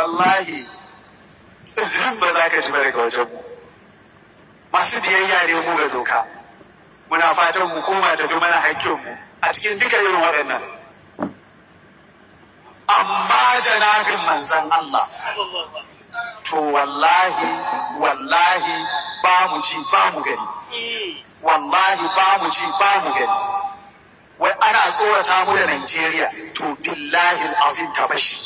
wallahi ba za ka ji daga wajen mu masu biyayya ne mu ga doka muna fatan mu koma ta mana hakkin mu a cikin duka irin waɗannan amma janabin manzan Allah to wallahi wallahi ba mu ci ba mu gani wallahi ba mu ci ba mu gani wai ana tsorata mu da Najeriya to billahi azim ta bashi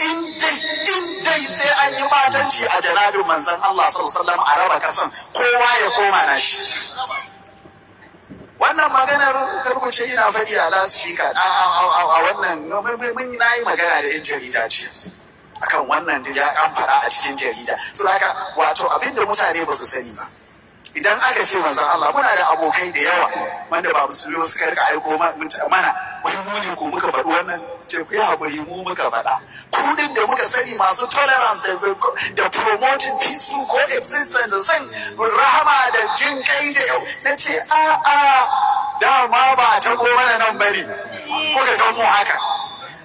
in dai in dai sai an yi batanci a janabin manzon Allah sallallahu a raba kasan kowa ya koma nashi shi wannan maganar ce ina faɗi a lasifika a wannan mun na yi magana da yan jarida ce akan wannan ya an faɗa a cikin jarida saboda haka wato abinda mutane ba su sani ba idan aka ce manzon Allah muna da abokai da yawa wanda ba musulmi suka rika aiko mana wai mu ne ko muka faɗi wannan ce ku yi bari mu muka faɗa kudin da muka sani masu tolerance da promoting peaceful coexistence da san rahama da jin kai da yau na ce a a dama ba ta mana nan bari kuka ga mu haka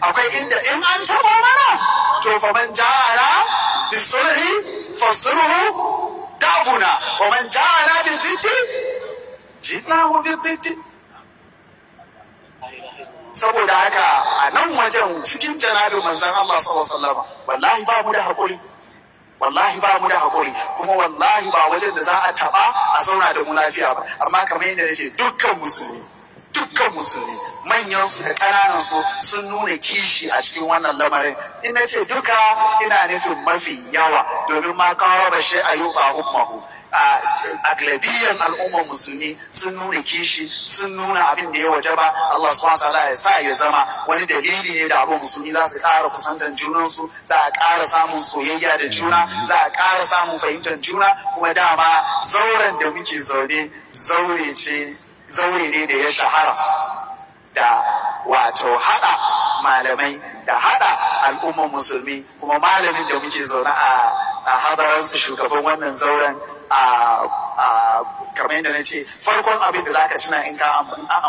akwai inda in an taɓa mana to fa man ja'ala bisulhi fasulhu kitabuna wa man ja'ana bi dhiddi jinahu bi dhiddi saboda haka a nan wajen cikin janabin manzon Allah sallallahu alaihi wasallam wallahi ba mu da hakuri wallahi ba mu da hakuri kuma wallahi ba wajen da za a taba a zauna da mu lafiya ba amma kamar yadda nace dukkan musulmi dukkan musulmi manyan su da ƙananan su sun nuna kishi a cikin wannan lamarin in na ce duka ina nufin mafi yawa domin ma kawo rashe a yi ba hukumahu a galabiyan al'ummar musulmi sun nuna kishi sun nuna abin da ya waje ba Allah su ta'ala ya sa ya zama wani dalili ne da abin musulmi za su ƙara kusantar junansu za a ƙara samun soyayya da juna za a ƙara samun fahimtar juna kuma dama zauren da muke zaune zaure ce zaure ne da ya shahara da wato haɗa malamai da haɗa al'ummar musulmi kuma malamin da muke zaune a hadaransu shugaban wannan zauren a kamar yadda na ce farkon abin da zaka tuna in ka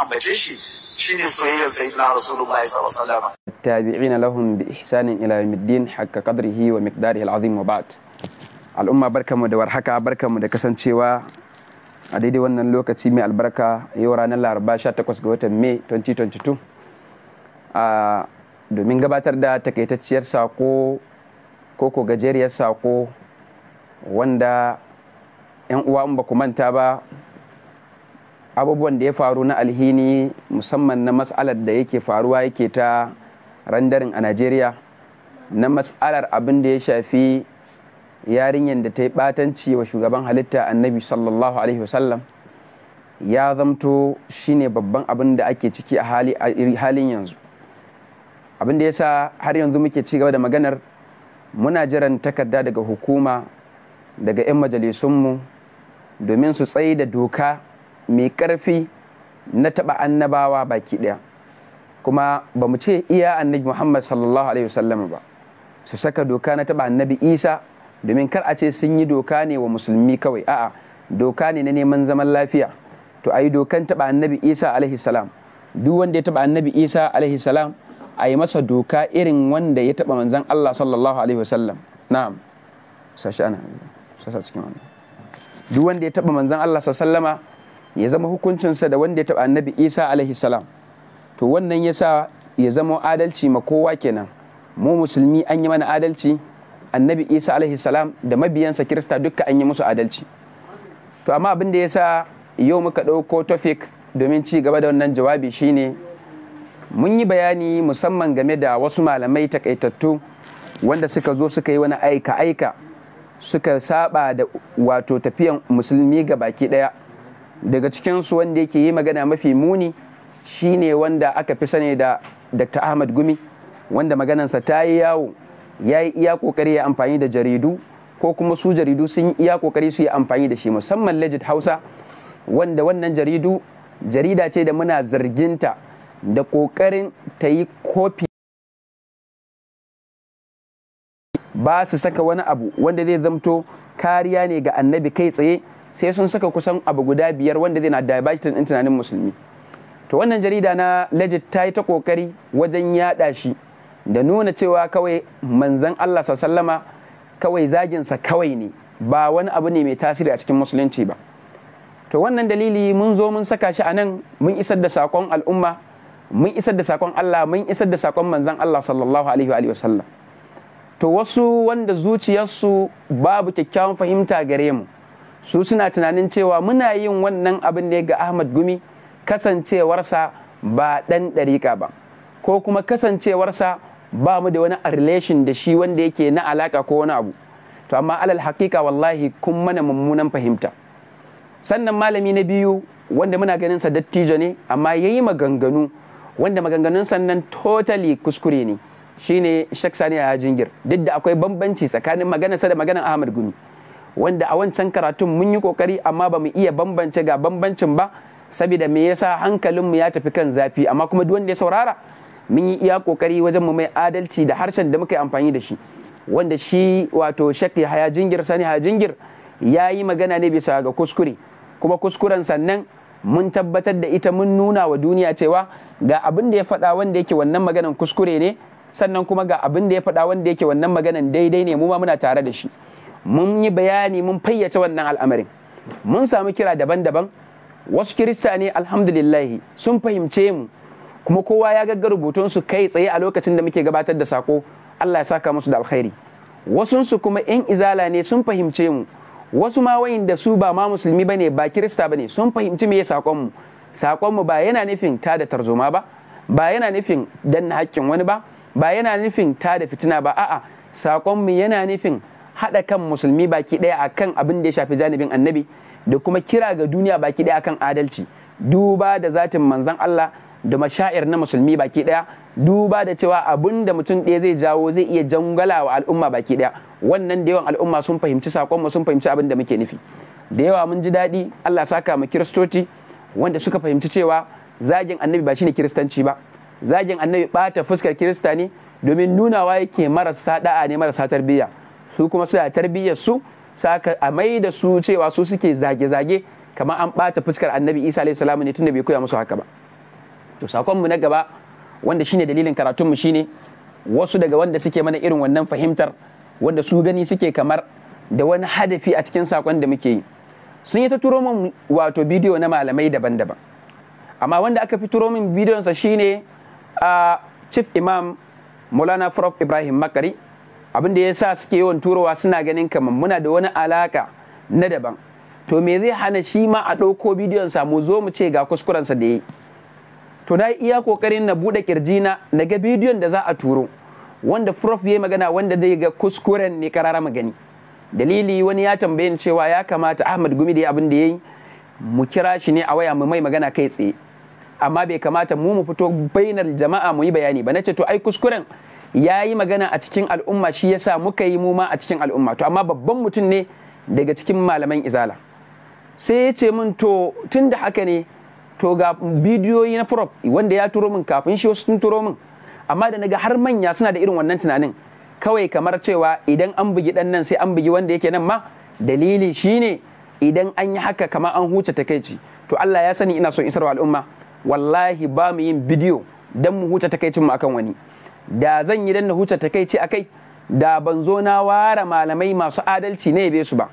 ambace shi shine soyayyar sayyidina rasulullahi sallallahu alaihi wasallam tabi'ina lahum bi ihsanin ila yawmiddin hakka wa miqdarihi al'azim wa ba'd al'umma barkamu da warhaka barkamu da kasancewa a daidai wannan lokaci mai albarka yau ranar laraba 18 ga watan mai 2022 a domin gabatar da takaitacciyar sako ko gajeriyar sako wanda 'yan uwa ba ku manta ba abubuwan da ya faru na alhini musamman na matsalar da yake faruwa yake ta randarin a najeriya na matsalar abin da ya shafi yarinyar da ta yi batanci wa shugaban halitta annabi sallallahu alaihi wasallam ya zamto shine babban abin da ake ciki a halin yanzu abin da ya sa har yanzu muke ci gaba da maganar muna jiran takarda daga hukuma daga 'yan majalisunmu domin su tsaye da doka mai ƙarfi na taɓa annabawa baki ɗaya kuma ba mu ce iya annabi muhammad sallallahu alaihi wasallam ba su saka doka na taba annabi isa domin kar a ce sun yi doka ne wa musulmi kawai a'a doka ne na neman zaman lafiya to a yi dokan taba annabi isa alaihi salam duk wanda ya taba annabi isa alaihi salam a yi masa doka irin wanda ya taba manzan allah sallallahu alaihi wasallam na'am sashi ana sasa cikin wannan duk wanda ya taba manzan allah sallama ya zama hukuncinsa da wanda ya taba annabi isa alaihi salam to wannan yasa ya zama adalci ma kowa kenan mu musulmi an yi mana adalci annabi isa alaihi salam da mabiyansa kirista duka an yi musu adalci to amma abin da ya sa yau muka ɗauko tofik domin ci gaba da wannan jawabi shine mun yi bayani musamman game da wasu malamai takaitattu wanda suka zo suka yi wani aika-aika suka saba da wato tafiyan musulmi ga baki ɗaya daga cikinsu wanda yake yi magana mafi muni shine wanda aka fi sani da dr ahmad gumi wanda maganansa ta yi yawo ya yi iya kokari ya amfani da jaridu ko kuma su jaridu sun yi iya kokari su yi amfani da shi musamman legit hausa wanda wannan jaridu jarida ce da muna zarginta da kokarin ta yi kofi ba su saka wani abu wanda zai zamto kariya ne ga annabi kai tsaye sai sun saka kusan abu guda biyar wanda zai na diabetes din tunanin musulmi to wannan jarida na legit ta yi ta kokari wajen yada shi da nuna cewa kawai manzan Allah sallama kawai zaginsa kawai ne ba wani abu ne mai tasiri a cikin musulunci ba to wannan dalili mun zo mun saka shi a nan mun isar da saƙon al'umma mun isar da saƙon Allah mun isar da saƙon manzan Allah sallallahu alaihi wa sallam to wasu wanda zuciyarsu babu kyakkyawan fahimta gare mu su suna tunanin cewa muna yin wannan abin ne ga Ahmad Gumi kasancewarsa ba ɗan ɗariƙa ba ko kuma kasancewarsa ba mu da wani relation da shi wanda yake na alaka ko wani abu to amma alal haƙiƙa wallahi kun mana mummunan fahimta sannan malami na biyu wanda muna ganin sa dattijo ne amma yayi maganganu wanda maganganun sannan totally kuskure ne shine Sheikh Sani a Jingir duk da akwai bambanci tsakanin maganarsa da maganar Ahmad Gumi wanda a wancan karatun mun yi kokari amma ba mu iya bambance ga bambancin ba saboda me yasa hankalinmu ya tafi kan zafi amma kuma duk wanda ya saurara mun yi iya kokari wajen mu mai adalci da harshen da muka yi amfani da shi wanda shi wato shakki haya jingir sani haya jingir ya yi magana ne bisa ga kuskure kuma kuskuren sannan mun tabbatar da ita mun nuna wa duniya cewa ga abin da ya faɗa wanda yake wannan maganan kuskure ne sannan kuma ga abin da ya faɗa wanda yake wannan maganan daidai ne mu ma muna tare da shi mun yi bayani mun fayyace wannan al'amarin mun samu kira daban-daban wasu kirista ne alhamdulillahi sun fahimce mu kuma kowa ya gagga rubutunsu kai tsaye a lokacin da muke gabatar da sako Allah ya saka musu da alkhairi wasunsu kuma 'yan izala ne sun fahimce mu wasu ma da su ba ma musulmi bane ba kirista bane sun fahimci me sakon mu sakon mu ba yana nufin ta da tarzoma ba ba yana nufin danna haƙƙin wani ba ba yana nufin ta da fitina ba a'a sakon mu yana nufin haɗa kan musulmi baki ɗaya akan abin da ya shafi janibin annabi da kuma kira ga duniya baki ɗaya akan adalci duba da zatin manzon Allah da mashair na musulmi baki daya duba da cewa abun da mutum ɗaya zai jawo zai iya jangala wa al'umma baki daya wannan da yawan al'umma sun fahimci sakonmu sun fahimci abin da muke nufi da yawa mun ji daɗi Allah saka mu kiristoci wanda suka fahimci cewa zagin annabi ba shine kiristanci ba zagin annabi bata fuskar kirista ne domin nunawa yake marasa da'a ne marasa tarbiyya su kuma suna tarbiyyar su saka a mai da su cewa su suke zage-zage kamar an bata fuskar annabi isa alayhi salamu ne tunda bai koya musu haka ba to sakonmu na gaba wanda shine dalilin karatunmu shine wasu daga wanda suke mana irin wannan fahimtar wanda su gani suke kamar da wani hadafi a cikin sakon da muke yi sun yi ta turo min wato bidiyo na malamai daban-daban amma wanda aka fi turo min bidiyonsa shine a chief imam Maulana Prof Ibrahim Makari abin da ya sa suke yawan turowa suna ganin kamar muna da wani alaka na daban to me zai hana shi ma a ɗauko bidiyon mu zo mu ce ga kuskurensa da ya to na yi iya kokarin na buɗe kirjina na ga bidiyon da za a turo wanda prof ya magana wanda zai ga kuskuren ne karara magani dalili wani ya tambaye ni cewa ya kamata ahmad gumi da abin da ya yi mu kira shi ne a waya mu mai magana kai tsaye amma bai kamata mu mu fito bainar jama'a mu yi bayani ba ce to ai kuskuren ya yi magana a cikin al'umma shi yasa muka yi mu ma a cikin al'umma to amma babban mutum ne daga cikin malaman izala sai ya ce min to tun da haka ne to ga bidiyoyi na prop wanda ya turo min kafin shi wasu sun turo min amma da naga har manya suna da irin wannan tunanin kawai kamar cewa idan an bugi dan nan sai an bugi wanda yake nan ma dalili shine idan an yi haka kamar an huce takaici to Allah ya sani ina so in sarwa al'umma wallahi ba mu yin bidiyo dan mu huce takaicin mu akan wani da zan yi dan na huce takaici akai da ban zo na ware malamai masu adalci ne be su ba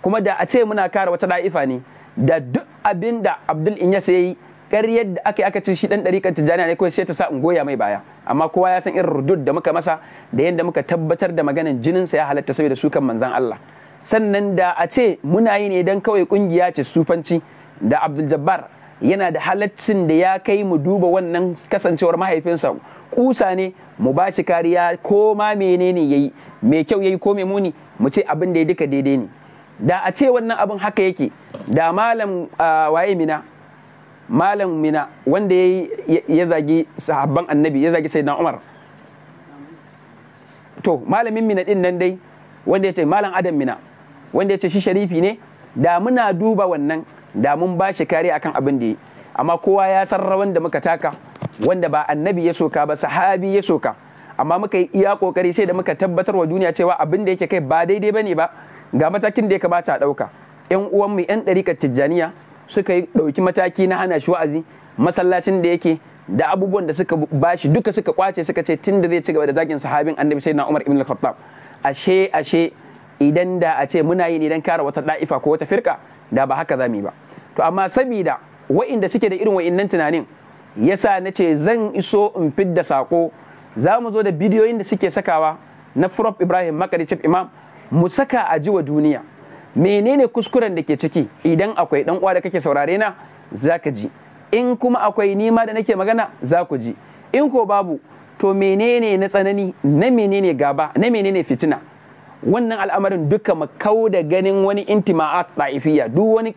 kuma da a ce muna kare wata da'ifa ne da duk abin da abdul inyas ya yi karyar da aka aka ci shi dan ɗarikan tijjani ne kawai sai ta sa in goya mai baya amma kowa ya san irin rudud da muka masa da yadda muka tabbatar da maganan jininsa ya halatta saboda sukan manzan Allah sannan da a ce muna yi ne dan kawai kungiya ce sufanci da Abdul Jabbar yana da halaccin da ya kai mu duba wannan kasancewar mahaifinsa kusa ne mu ba shi kariya ko ma menene yayi mai kyau yayi ko mai muni mu ce abin da ya duka daidai ne da a ce wannan abin haka yake da malam waye mina malam mina wanda ya zagi sahabban annabi ya zagi sayyidina umar to malamin mina din nan dai wanda ya ce malam adam mina wanda ya ce shi sharifi ne da muna duba wannan da mun ba shi kare akan abin da yi amma kowa ya san rawan da muka taka wanda ba annabi ya soka ba sahabi ya soka amma muka yi iya kokari sai da muka tabbatar wa duniya cewa abin da yake kai ba daidai bane ba ga matakin da ya kamata a ɗauka yan uwanmu yan ɗarikar tijjaniya suka yi ɗauki mataki na hana shi wa'azi masallacin da yake da abubuwan da suka bashi duka suka kwace suka ce tun da zai ci gaba da zagin sahabin annabi sai na umar ibn al-khattab ashe ashe idan da a ce muna yi ne dan kare wata da'ifa ko wata firka da ba haka zamu yi ba to amma sabida wa'inda suke da irin wa'innan tunanin yasa na ce zan iso in fidda sako za mu zo da bidiyoyin da suke sakawa na Furof Ibrahim Makari Imam mu saka a ji wa duniya menene kuskuren da ke ciki idan akwai dan uwa da kake saurare na ka ji in kuma akwai nima da nake magana za ku ji in ko babu to menene na tsanani na menene gaba na menene fitina wannan al'amarin duka makau da ganin wani intima'at ta'ifiya duk wani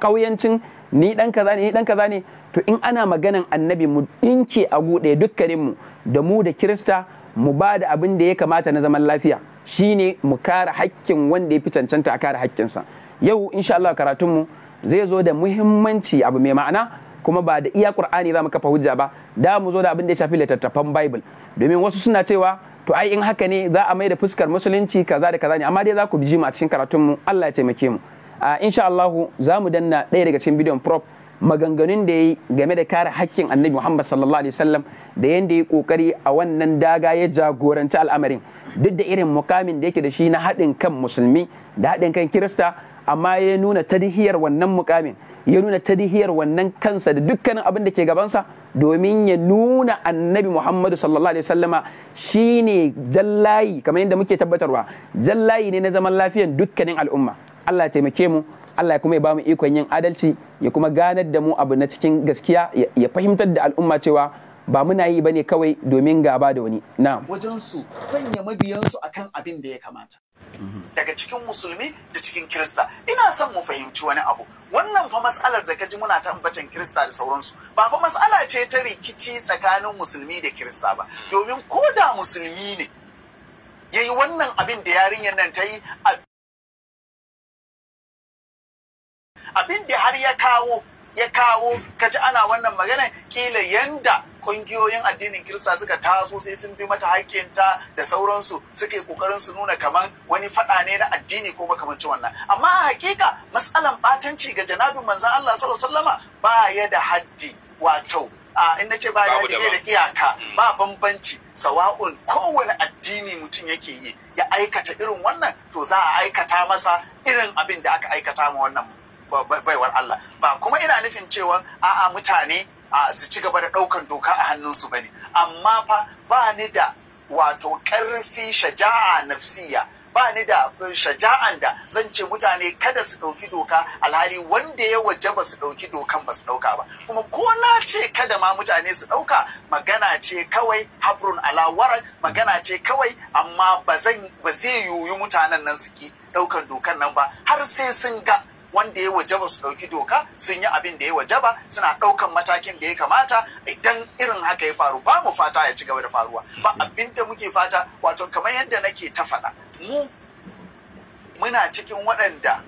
kauyancin ni dan kaza ne ni dan kaza ne to in ana maganan annabi mu dinke a gude dukkanin mu da mu da kirista mu ba da abin da ya kamata na zaman lafiya shine mu kare hakkin wanda ya fi cancanta a kare hakkinsa yau insha Allah karatunmu zai zo da muhimmanci abu mai ma'ana kuma ba da iya Qur'ani za mu kafa hujja ba da mu zo da abin da ya shafi littattafan Bible domin wasu suna cewa to ai in haka ne za a mai da fuskar musulunci kaza da kaza ne amma dai za ku biji mu a cikin mu. Allah ya taimake mu ah, insha Allah za mu danna ɗaya daga cikin bidiyon prop maganganun da ya yi game da kare hakkin annabi Muhammad sallallahu alaihi wasallam da yanda ya kokari a wannan daga ya jagoranci al'amarin duk da irin mukamin da yake da shi na haɗin kan musulmi da haɗin kan kirista amma ya nuna tadihiyar wannan mukamin ya nuna tadihiyar wannan kansa da dukkanin abin da ke gabansa domin ya nuna annabi Muhammadu sallallahu alaihi wasallama shine jallayi kamar yadda muke tabbatarwa jallayi ne na zaman lafiyan dukkanin al'umma Allah ya taimake mu Allah ya kuma ya bamu ikon yin adalci ya kuma ganar da mu abu na cikin gaskiya ya fahimtar da al'umma cewa ba muna yi ba ne kawai domin gaba da wani na. wajen su sanya mabiyansu akan abin da ya kamata mhm. daga cikin musulmi da cikin kirista ina son mu fahimci wani abu wannan fa mas'alar da kaji muna tambatan kirista da sauransu ba fa mas'ala ce ta rikici tsakanin musulmi da kirista ba domin ko da musulmi ne yayi wannan abin da yarinyar nan ta yi abin da har ya kawo ya kawo kaji ana wannan magana kila yanda kungiyoyin addinin kirista suka taso sai sun bi mata haƙƙinta da sauransu suka yi ƙoƙarin su nuna kaman wani faɗa ne na addini ko cewa wannan amma a hakika matsalan ɓatanci ga janabin manzan Allah sallallahu ba ya da haddi wato a in ce ba ya da iyaka mm. ba bambanci sawa'un kowane addini mutum yake yi ya aikata irin wannan to za a aikata masa irin abin da aka aikata ma wannan baiwar Allah ba kuma ina nufin cewa a'a mutane a su ci gaba da ɗaukan doka a hannunsu ba ne amma fa ba ni da wato ƙarfi shaja'a nafsiya ba ni da uh, shaja'an da zan ce mutane kada su ɗauki doka alhali wanda ya waje ba su ɗauki dokan ba su ɗauka ba kuma ko na ce kada ma mutane su ɗauka magana ce kawai habrun alawaran magana ce kawai amma ba zai yiwu mutanen nan suke ɗaukan dokan nan ba har sai sun ga wanda ya wajaba su ɗauki doka sun yi abin da ya wajaba suna ɗaukan matakin da ya kamata idan irin haka ya faru ba mu fata ya ci gaba da faruwa ba abin da muke fata wato kamar yadda nake ta faɗa mu muna cikin waɗanda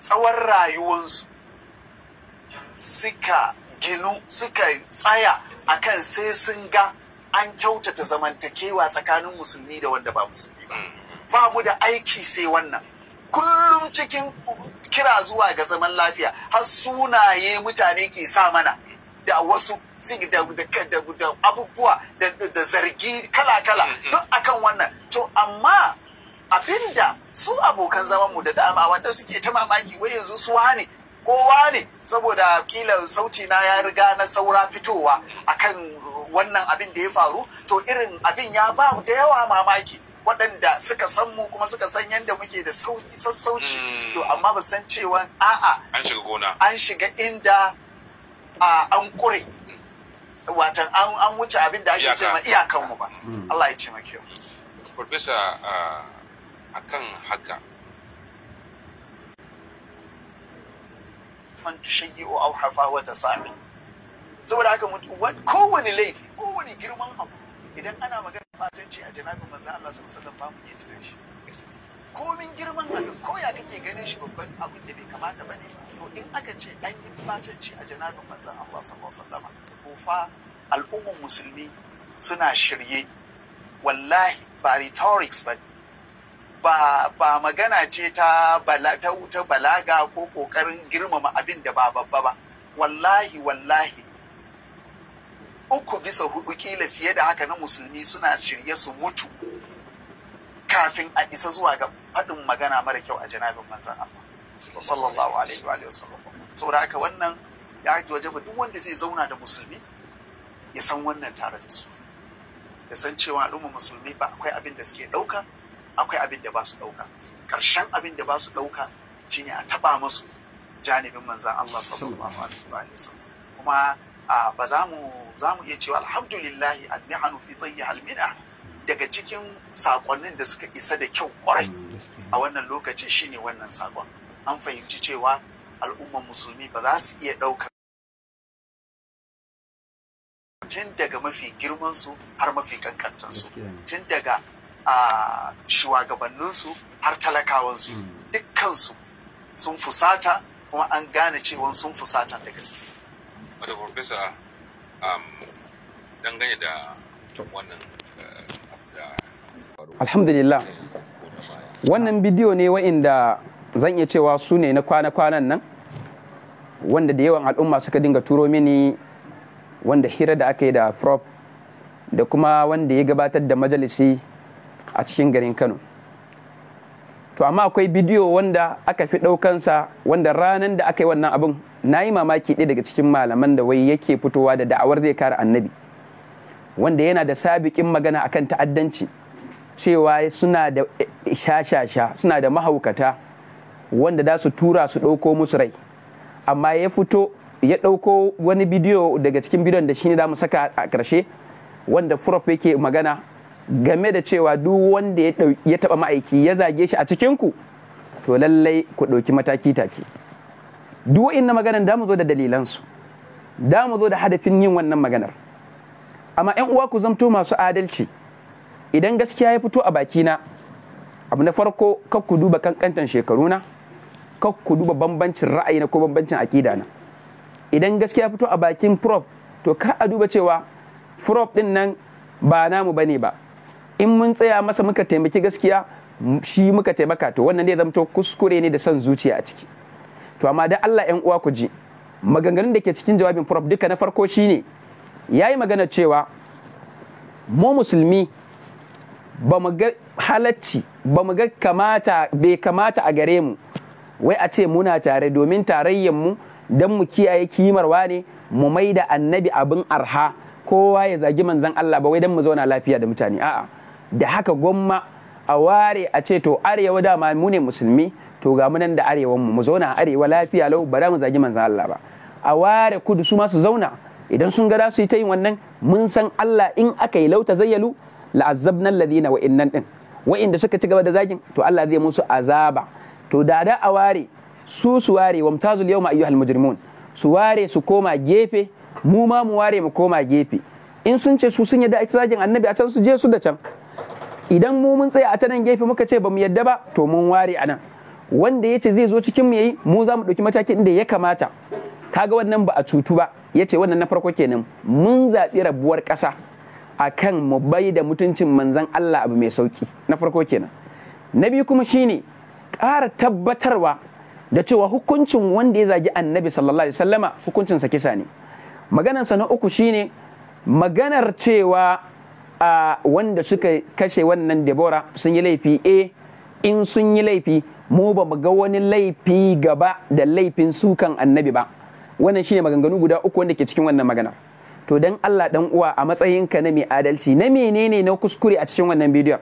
tsawon rayuwarsu suka ginu suka tsaya kan sai sun ga an kyautata zamantakewa tsakanin musulmi da wanda ba musulmi ba mm. ba mu da aiki sai wannan kullum cikin kira zuwa ga zaman lafiya har sunaye mutane ke sa mana da wasu da abubuwa da zargi kala-kala mm-hmm. duk akan wannan to amma abinda su abokan zaman mu da dama wanda suke ta mamaki wai yanzu su wane kowa ne saboda kila sauti na ya riga na saura fitowa akan wannan abin da ya faru to irin abin ya ba da yawa mamaki waɗanda suka san mu kuma suka san yadda muke da sauki sassauci mm. to amma ba san cewa a'a an shiga gona an shiga inda a an kure watan an wuce abin da ake cewa iyakan mu ba mm. Allah ya ce maka yau professor akan haka man tushayyi'u aw hafa wa tasabi saboda haka kowane laifi kowane girman abu idan ana magana fatanci a janabin manzo Allah sallallahu alaihi wasallam mu iya jiran shi komin girman abin ko ya kake ganin shi babban abin da bai kamata bane to in aka ce an yi fatanci a janabin manzo Allah sallallahu alaihi wasallam ko fa al'ummar musulmi suna shirye wallahi ba rhetorics ba ba ba magana ce ta bala, ta balaga ko kokarin girmama abin da ba babba ba wallahi wallahi uku bisa hudu kila fiye da haka na musulmi suna shirye su mutu kafin a isa zuwa ga faɗin magana mara kyau a janabin manzan Allah sallallahu alaihi wa sallam saboda haka wannan ya ake wajaba duk wanda zai zauna da musulmi ya san wannan tare da su ya san cewa al'umma musulmi ba akwai abin da suke dauka, akwai abin da ba su dauka. Karshen abin da ba su ɗauka shine a taɓa musu janibin manzan Allah sallallahu alaihi wa sallam kuma ba za mu za mu iya cewa alhamdulillahi annihanu fi tayyi almina daga cikin sakonnin da suka isa da kyau kwarai mm, a wannan lokacin shine wannan sakon an fahimci cewa al'ummar musulmi ba za su iya ɗaukar tun daga mafi girmansu har mafi kankantansu tun daga shuwagabanninsu har talakawansu mm. dukkansu sun fusata kuma an gane cewa sun fusata da gaske. dangane da wannan eh, alhamdulillah wannan bidiyo ne wa'inda zan iya cewa su ne na kwana-kwanan nan wanda da yawan al'umma suka dinga turo mini wanda hira da aka yi da prop da kuma wanda ya gabatar da majalisi a cikin garin kano to amma akwai bidiyo wanda aka fi ɗaukansa wanda ranar da aka yi wannan abin na yi mamaki ɗaya daga cikin malaman da wai yake fitowa da da'awar zai kare annabi wanda yana da sabiƙin magana akan ta'addanci cewa suna da eh, shashasha suna da mahaukata wanda za su tura su ɗauko musu rai amma ya fito ya ɗauko wani bidiyo daga cikin bidiyon da shine da mu saka a ƙarshe wanda furof yake magana game da cewa duk wanda ya taɓa ma'aiki ya zage shi a cikinku to lallai ku ɗauki mataki take. duk inna maganar da mu zo da dalilansu da mu zo da hadafin yin wannan maganar amma yan uwa ku zamto masu adalci idan gaskiya ya fito a bakina abu na farko kar ku duba kankantan shekaruna kar ku duba bambancin ra'ayi na ko bambancin aƙida na idan gaskiya ya fito a bakin prof to kar a duba cewa prof din nan ba namu bane ba in mun tsaya masa muka taimaki gaskiya shi muka taimaka to wannan ne zamto kuskure ne da son zuciya a ciki to amma dai Allah ƴan uwa ku ji maganganun da ke cikin jawabin prof duka na farko shine yayi magana cewa mu musulmi ba mu ga halacci ba mu ga kamata bai kamata a gare mu wai a ce muna tare domin tarayyar mu dan mu kiyaye kimarwa ne mu mai da annabi abin arha kowa ya zagi manzon Allah ba wai dan mu zauna lafiya da mutane a'a da haka gwamma a ware a ce to arewa dama mu ne musulmi to ga mu da arewan mu mu zauna arewa lafiya lau ba za mu zagi manzan Allah ba a ware kudu su ma su zauna idan sun ga su yi ta yin wannan mun san Allah in aka yi lauta zayyalu la'azzabna alladhina wa innan din wa'inda suka ci gaba da zagin to Allah zai musu azaba to da da a ware su su ware mutazul yawma ayyuhal mujrimun su ware su koma gefe mu ma mu ware mu koma gefe in sun ce su sun yi da ita zagin annabi a can su je su da can idan mu mun tsaya a ta nan gefe muka ce ba mu yadda ba to mun ware a nan wanda ya ce zai zo cikin mu yayi mu za mu ɗauki matakin da ya kamata kaga wannan ba a cutu ba ya ce wannan na farko kenan mun zaɓi rabuwar ƙasa a kan mu bai da mutuncin manzan Allah abu mai sauki na farko kenan na biyu kuma shine ƙara tabbatarwa da cewa hukuncin wanda ya zagi annabi sallallahu alaihi wasallama hukuncin kisa ne maganar sa na uku shine maganar cewa a wanda suka kashe wannan Debora sun yi laifi eh in sun yi laifi mu ba mu ga wani laifi gaba da laifin sukan annabi ba wannan shine maganganu guda uku wanda ke cikin wannan magana to dan Allah dan uwa a matsayinka na mai adalci na menene na kuskure a cikin wannan bidiyon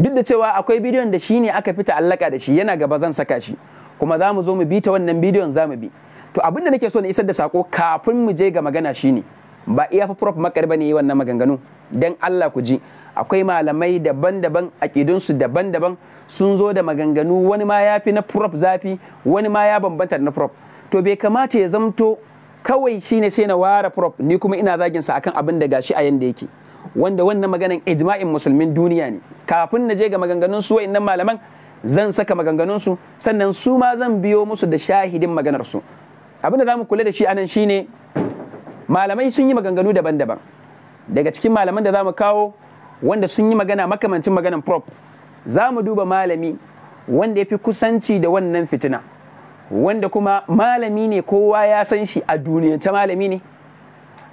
duk da cewa akwai bidiyon da shine aka fita allaka da shi yana gaba zan saka shi kuma za mu zo mu bi ta wannan bidiyon za mu bi to abinda da nake so na isar da sako kafin mu je ga magana shine ba iya fa prof makar bane yi wannan maganganu dan Allah ku ji akwai malamai daban-daban aƙidunsu daban-daban sun zo da maganganu wani ma ya fi na prof zafi wani ma ya bambanta na prof to bai kamata ya zamto kawai shine sai na ware prof ni kuma ina zagin sa akan abin da gashi a yanda yake wanda wannan maganan ijma'in musulmin duniya ne kafin na je ga maganganun su wa'annan malaman zan saka maganganun su sannan su ma zan biyo musu da shahidin maganar su abin da zamu kula da shi anan shine malamai sun yi maganganu daban-daban daga cikin malaman da za mu kawo wanda sun yi magana makamancin maganan prop za mu duba malami wanda ya fi kusanci da wannan fitina wanda kuma malami ne kowa ya san shi a duniyance malami ne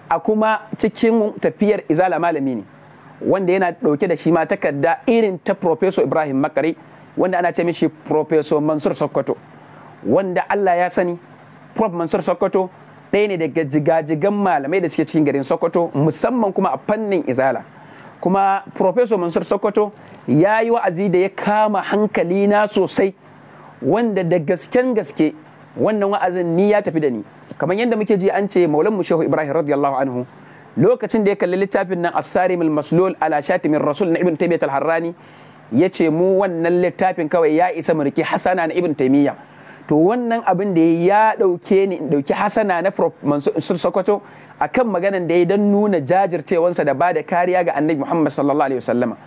a kuma cikin tafiyar izala malami ne wanda yana ɗauke da shi ma takarda irin ta Professor Ibrahim Makari wanda ana ce mishi Professor Mansur Sokoto wanda Allah ya sani Prof Mansur Sokoto ɗaya ne daga jigajigan malamai da suke cikin garin sokoto musamman kuma a fannin izala kuma professor mansur sokoto ya yi wa'azi da ya kama hankali na sosai wanda da gasken gaske wannan wa'azin ni ya tafi da ni kamar yadda muke ji an ce maulan mu shehu ibrahim radiyallahu anhu lokacin da ya kalli littafin nan a sarim maslul ala shatimin rasul na ibn taymiyyah al-harrani ce mu wannan littafin kawai ya isa mu riki hasana na ibn taimiyya. to wannan abin da ya dauke ni in ɗauki hasana na mansur sokoto akan maganan da ya dan nuna jajircewansa da bada kariya ga annabi muhammad sallallahu alaihi wasallama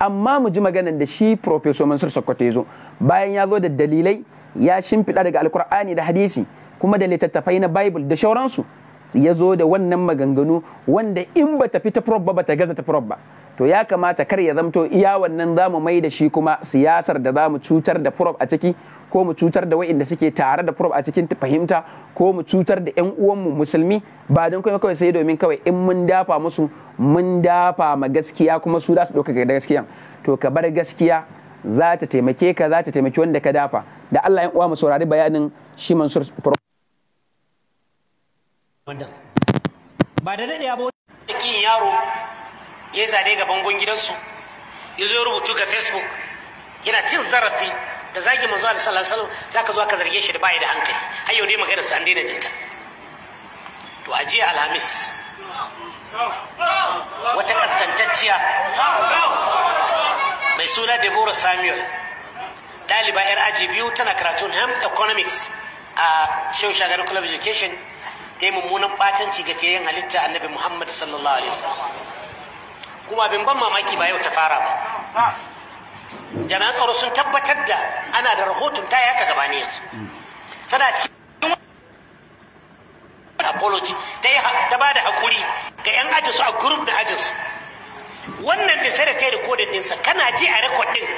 amma mu ji maganan da shi professor mansur sokoto ya zo bayan ya zo da dalilai ya shimfiɗa daga alkur'ani da hadisi kuma da littattafai na bible da shauransu ya zo da wannan maganganu wanda in ba ta fita prob ba ba ta gaza ta prob ba to ya kamata kar ya zamto iya wannan za mu mai da shi kuma siyasar da za mu cutar da prob a ciki ko mu cutar da wa'inda suke tare da prob a cikin fahimta ko mu cutar da yan uwanmu musulmi ba don kuma kawai sai domin kawai in mun dafa musu mun dafa ma gaskiya kuma su za su ɗauka da gaskiya to ka bar gaskiya za ta taimake ka za ta taimaki wanda ka dafa da Allah ya uwa mu saurari bayanin shi Mansur wanda ba da daɗe ba wani yaro ya yi zane ga bangon gidansu ya zo ya rubutu ga facebook yana cin zarafi da zagi mazuwa da sallallahu alaihi ta ka zo ka zarge shi da bai da hankali har yau dai magana an daina jinta to a jiya alhamis wata kaskantacciya mai suna Deborah Samuel ɗaliba yar aji biyu tana karatun Ham Economics a Shehu Shagarin Club Education ta yi mummunan batanci ga fiyayyen halitta annabi muhammad sallallahu alaihi wasallam kuma bin ban mamaki ba yau ta fara ba jami'an tsaro sun tabbatar da ana da rahoton ta haka gabani yanzu tana cikin apology ta yi ta ba da haƙuri ga 'yan ajinsu a group da ajinsu wannan da sai da ta yi rikodin dinsa kana ji a rikodin din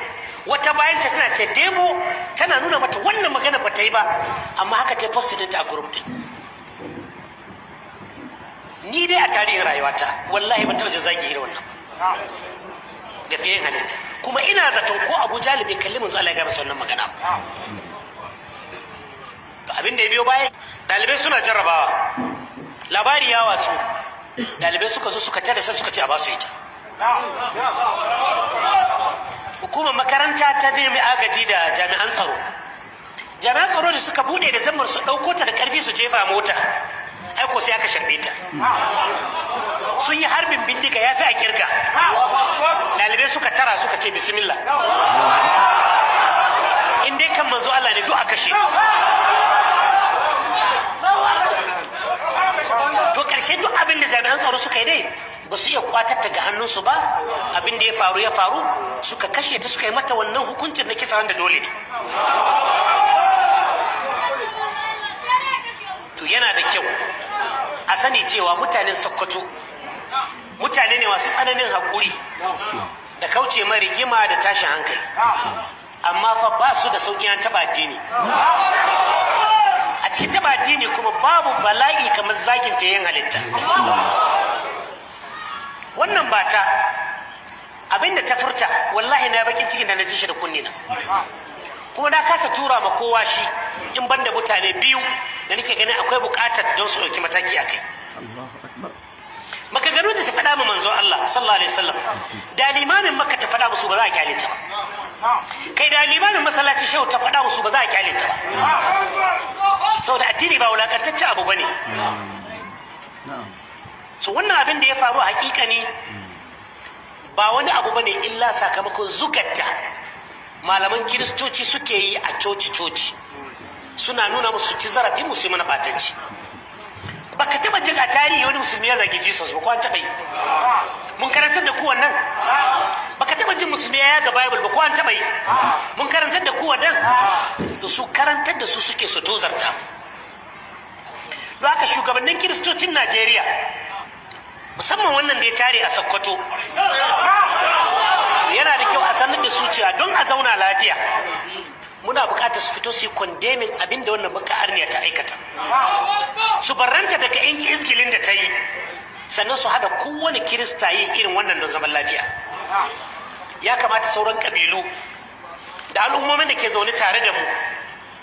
wata bayan ta tana ce demo tana nuna mata wannan magana ba ta yi ba amma haka ta yi postin ta a group din. ni dai a tarihin rayuwata wallahi ban taɓa jin zagi irin wannan ga fiye halitta kuma ina zaton ko abu bai kalli mun Allah ya gaba sannan magana abin da ya biyo baya dalibai suna jarrabawa labari ya watsu dalibai suka zo suka tada suka ce a ba su ita hukumar makaranta ta nemi agaji da jami'an tsaro jami'an tsaro da suka bude da zammar su ɗauko ta da ƙarfi su jefa mota Aiko sai aka sharbe ta sun yi harbin bindiga ya fi a kirga dalibai suka tara suka ce bismillah in dai kan manzo Allah ne duk a kashe to ƙarshe duk abin da jami'an tsaro suka yi dai ba su iya kwatar ta hannun hannunsu ba abin da ya faru ya faru suka kashe ta suka yi mata wannan hukuncin na kisa wanda dole ne yana da kyau a sani cewa mutanen sokoto mutane ne masu tsananin haƙuri da kauce mai rigima da tashin hankali amma fa ba su da sauƙi an taɓa addini a cikin taɓa addini kuma babu bala'i kamar zagin yin halitta wannan bata abinda ta furta wallahi na bakin ciki da na ji shi da na, kuma na kasa tura ma kowa shi in ban da mutane biyu da nake ganin akwai buƙatar don su ɗauki mataki a kai maka da ta faɗa ma manzo Allah sallallahu alaihi wasallam da limamin maka ta faɗa musu ba za a kyale ta ba kai da limamin masallaci shehu ta faɗa musu ba za a kyale ta ba saboda addini ba wulakantacce abu bane so wannan abin da ya faru hakika ne ba wani abu bane illa sakamakon zugatta malaman kiristoci suke yi a coci-coci suna nuna musu ci zarafi musu mana batanci baka taba jin a tarihi wani musulmi ya zagi Jesus ba kwan taba yi mun karantar da ku wannan baka taba jin musulmi ya yaga Bible ba kwan taba yi mun karantar da ku wannan da su karantar da su suke su tozarta haka shugabannin kiristocin Najeriya musamman wannan da ya tare a Sokoto yana da kyau a sanar da su cewa don a zauna lafiya muna bukatar su fito su yi abin da wannan bakarniya ta aikata su barranta daga yanki izgilin da ta yi sannan su hada kowane kirista yin irin wannan don zaman lafiya ya kamata sauran kabilu da al'ummomin da ke zaune tare da mu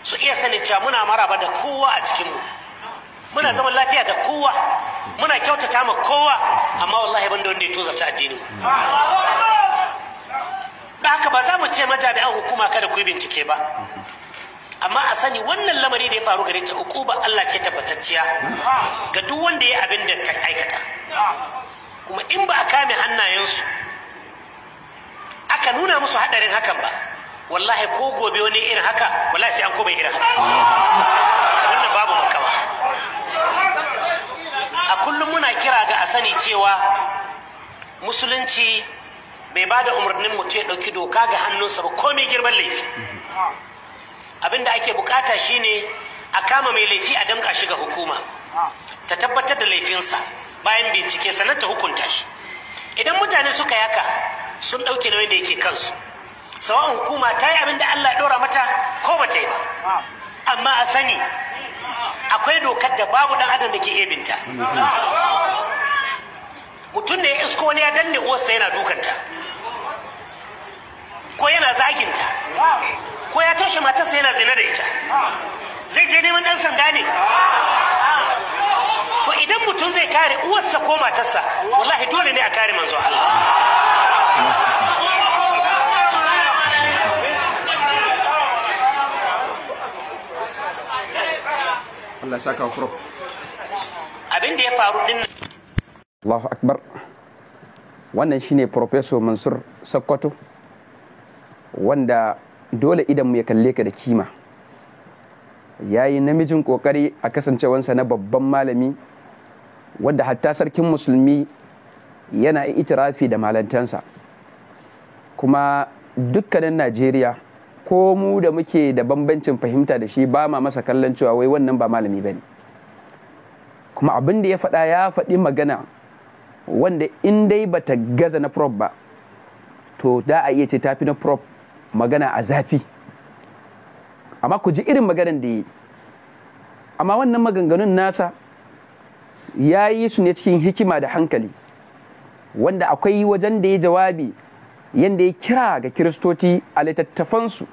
su iya sanin cewa muna maraba da kowa a cikin mu. muna zaman lafiya da kowa muna kyautata ma kowa amma wallahi ban da wanda ya tozarta addinin mu ba za mu ce majami'an hukuma kada ku yi bincike ba amma a sani wannan lamari da ya faru gare ta ba Allah ce tabbatacciya ga duk wanda ya abin da ta aikata kuma in ba a kame hannayensu aka nuna musu hadarin hakan ba wallahi ko gobe wani irin haka wallahi sai an koma irin haka wannan babu makawa a kullum muna kira ga a sani cewa musulunci bai bada da umarnin mutum ya ɗauki doka ga hannunsa ba komai girman laifi Abin da ake bukata shine a kama mai laifi a damka shi ga hukuma ta tabbatar da laifinsa bayan bincike sanar ta hukunta shi idan mutane suka yaka sun ɗauke nauyin da yake kansu sawa'un hukuma ta yi abin da Allah ya ɗora mata ko ba ta yi ba amma a sani akwai dokar da babu ɗan adam da ke ebinta mutum ne ya isko wani ya danne uwarsa yana dukanta ko yana zaginta ko ya toshe matarsa yana zina da ita zai je neman ɗan sanda ne to idan mutum zai kare uwarsa ko matarsa wallahi dole ne a kare manzo Allah ya saka kuro. Abin da ya faru din Allahu Akbar. Wannan shine Professor Mansur Sokoto. wanda dole idan mu ya kalle ka da kima ya yi namijin kokari a kasancewansa na babban malami wanda hatta sarkin musulmi yana itirafi da malantansa kuma dukkanin najeriya ko mu da muke da bambancin fahimta da shi ba ma masa kallon cewa wai wannan ba malami ba ne kuma abin da ya faɗa ya faɗi magana wanda in dai bata gaza na prop ba to da a iya ce tafi na prop magana a zafi amma ku ji irin maganar da yi amma wannan maganganun nasa ya yi su ne cikin hikima da hankali wanda akwai wajen da ya jawabi yadda ya kira ga kiristoci a littattafansu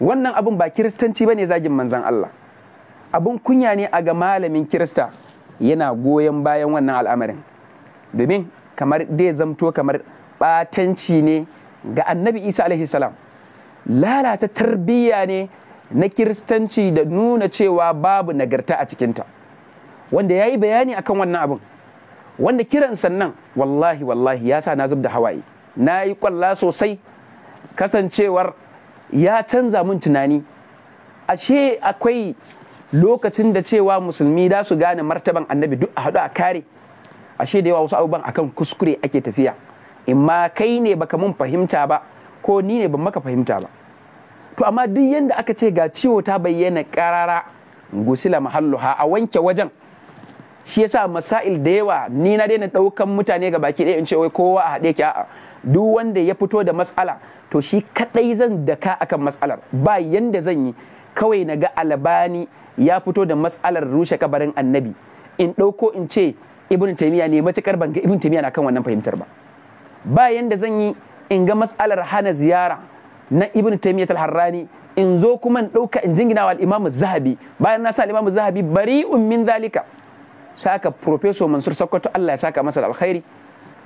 wannan abin ba kiristanci ba ne zagin manzan Allah abin kunya ne a ga malamin kirista yana goyon bayan wannan al'amarin domin kamar dai zamto kamar ɓatanci ne ga annabi isa alaihi salam lalata tarbiyya ne na kiristanci da nuna cewa babu nagarta a cikinta wanda ya yi bayani akan wannan abin wanda kiran sannan wallahi wallahi ya sa na zub da hawaye na yi kwalla sosai kasancewar ya canza mun tunani ashe akwai lokacin da cewa musulmi da su gane martaban annabi duk a haɗu a kare ashe da yawa wasu abubuwan akan kuskure ake tafiya In ma kai ne baka mun fahimta ba ko ni ne ban maka fahimta ba to amma duk yanda aka ce ga ciwo ta bayyana karara gusila mahalluha a wanke wajen shi yasa masail da yawa ni na daina daukan mutane ga baki ɗaya in ce wai kowa a haɗe ki a'a duk wanda ya fito da matsala to shi kadai zan daka akan matsalar ba yanda zan yi kawai na ga albani ya fito da matsalar rushe kabarin annabi in ɗauko in ce ibn taymiya ne matukar ban ga ibn taymiya na kan wannan fahimtar ba ba yanda zan yi in ga matsalar hana ziyara na ibn taymiyyah al-harrani in zo kuma in dauka in jingina wa al zahabi bayan na sa al-imam zahabi bari'un min zalika saka professor mansur sakkwato Allah ya saka masa da alkhairi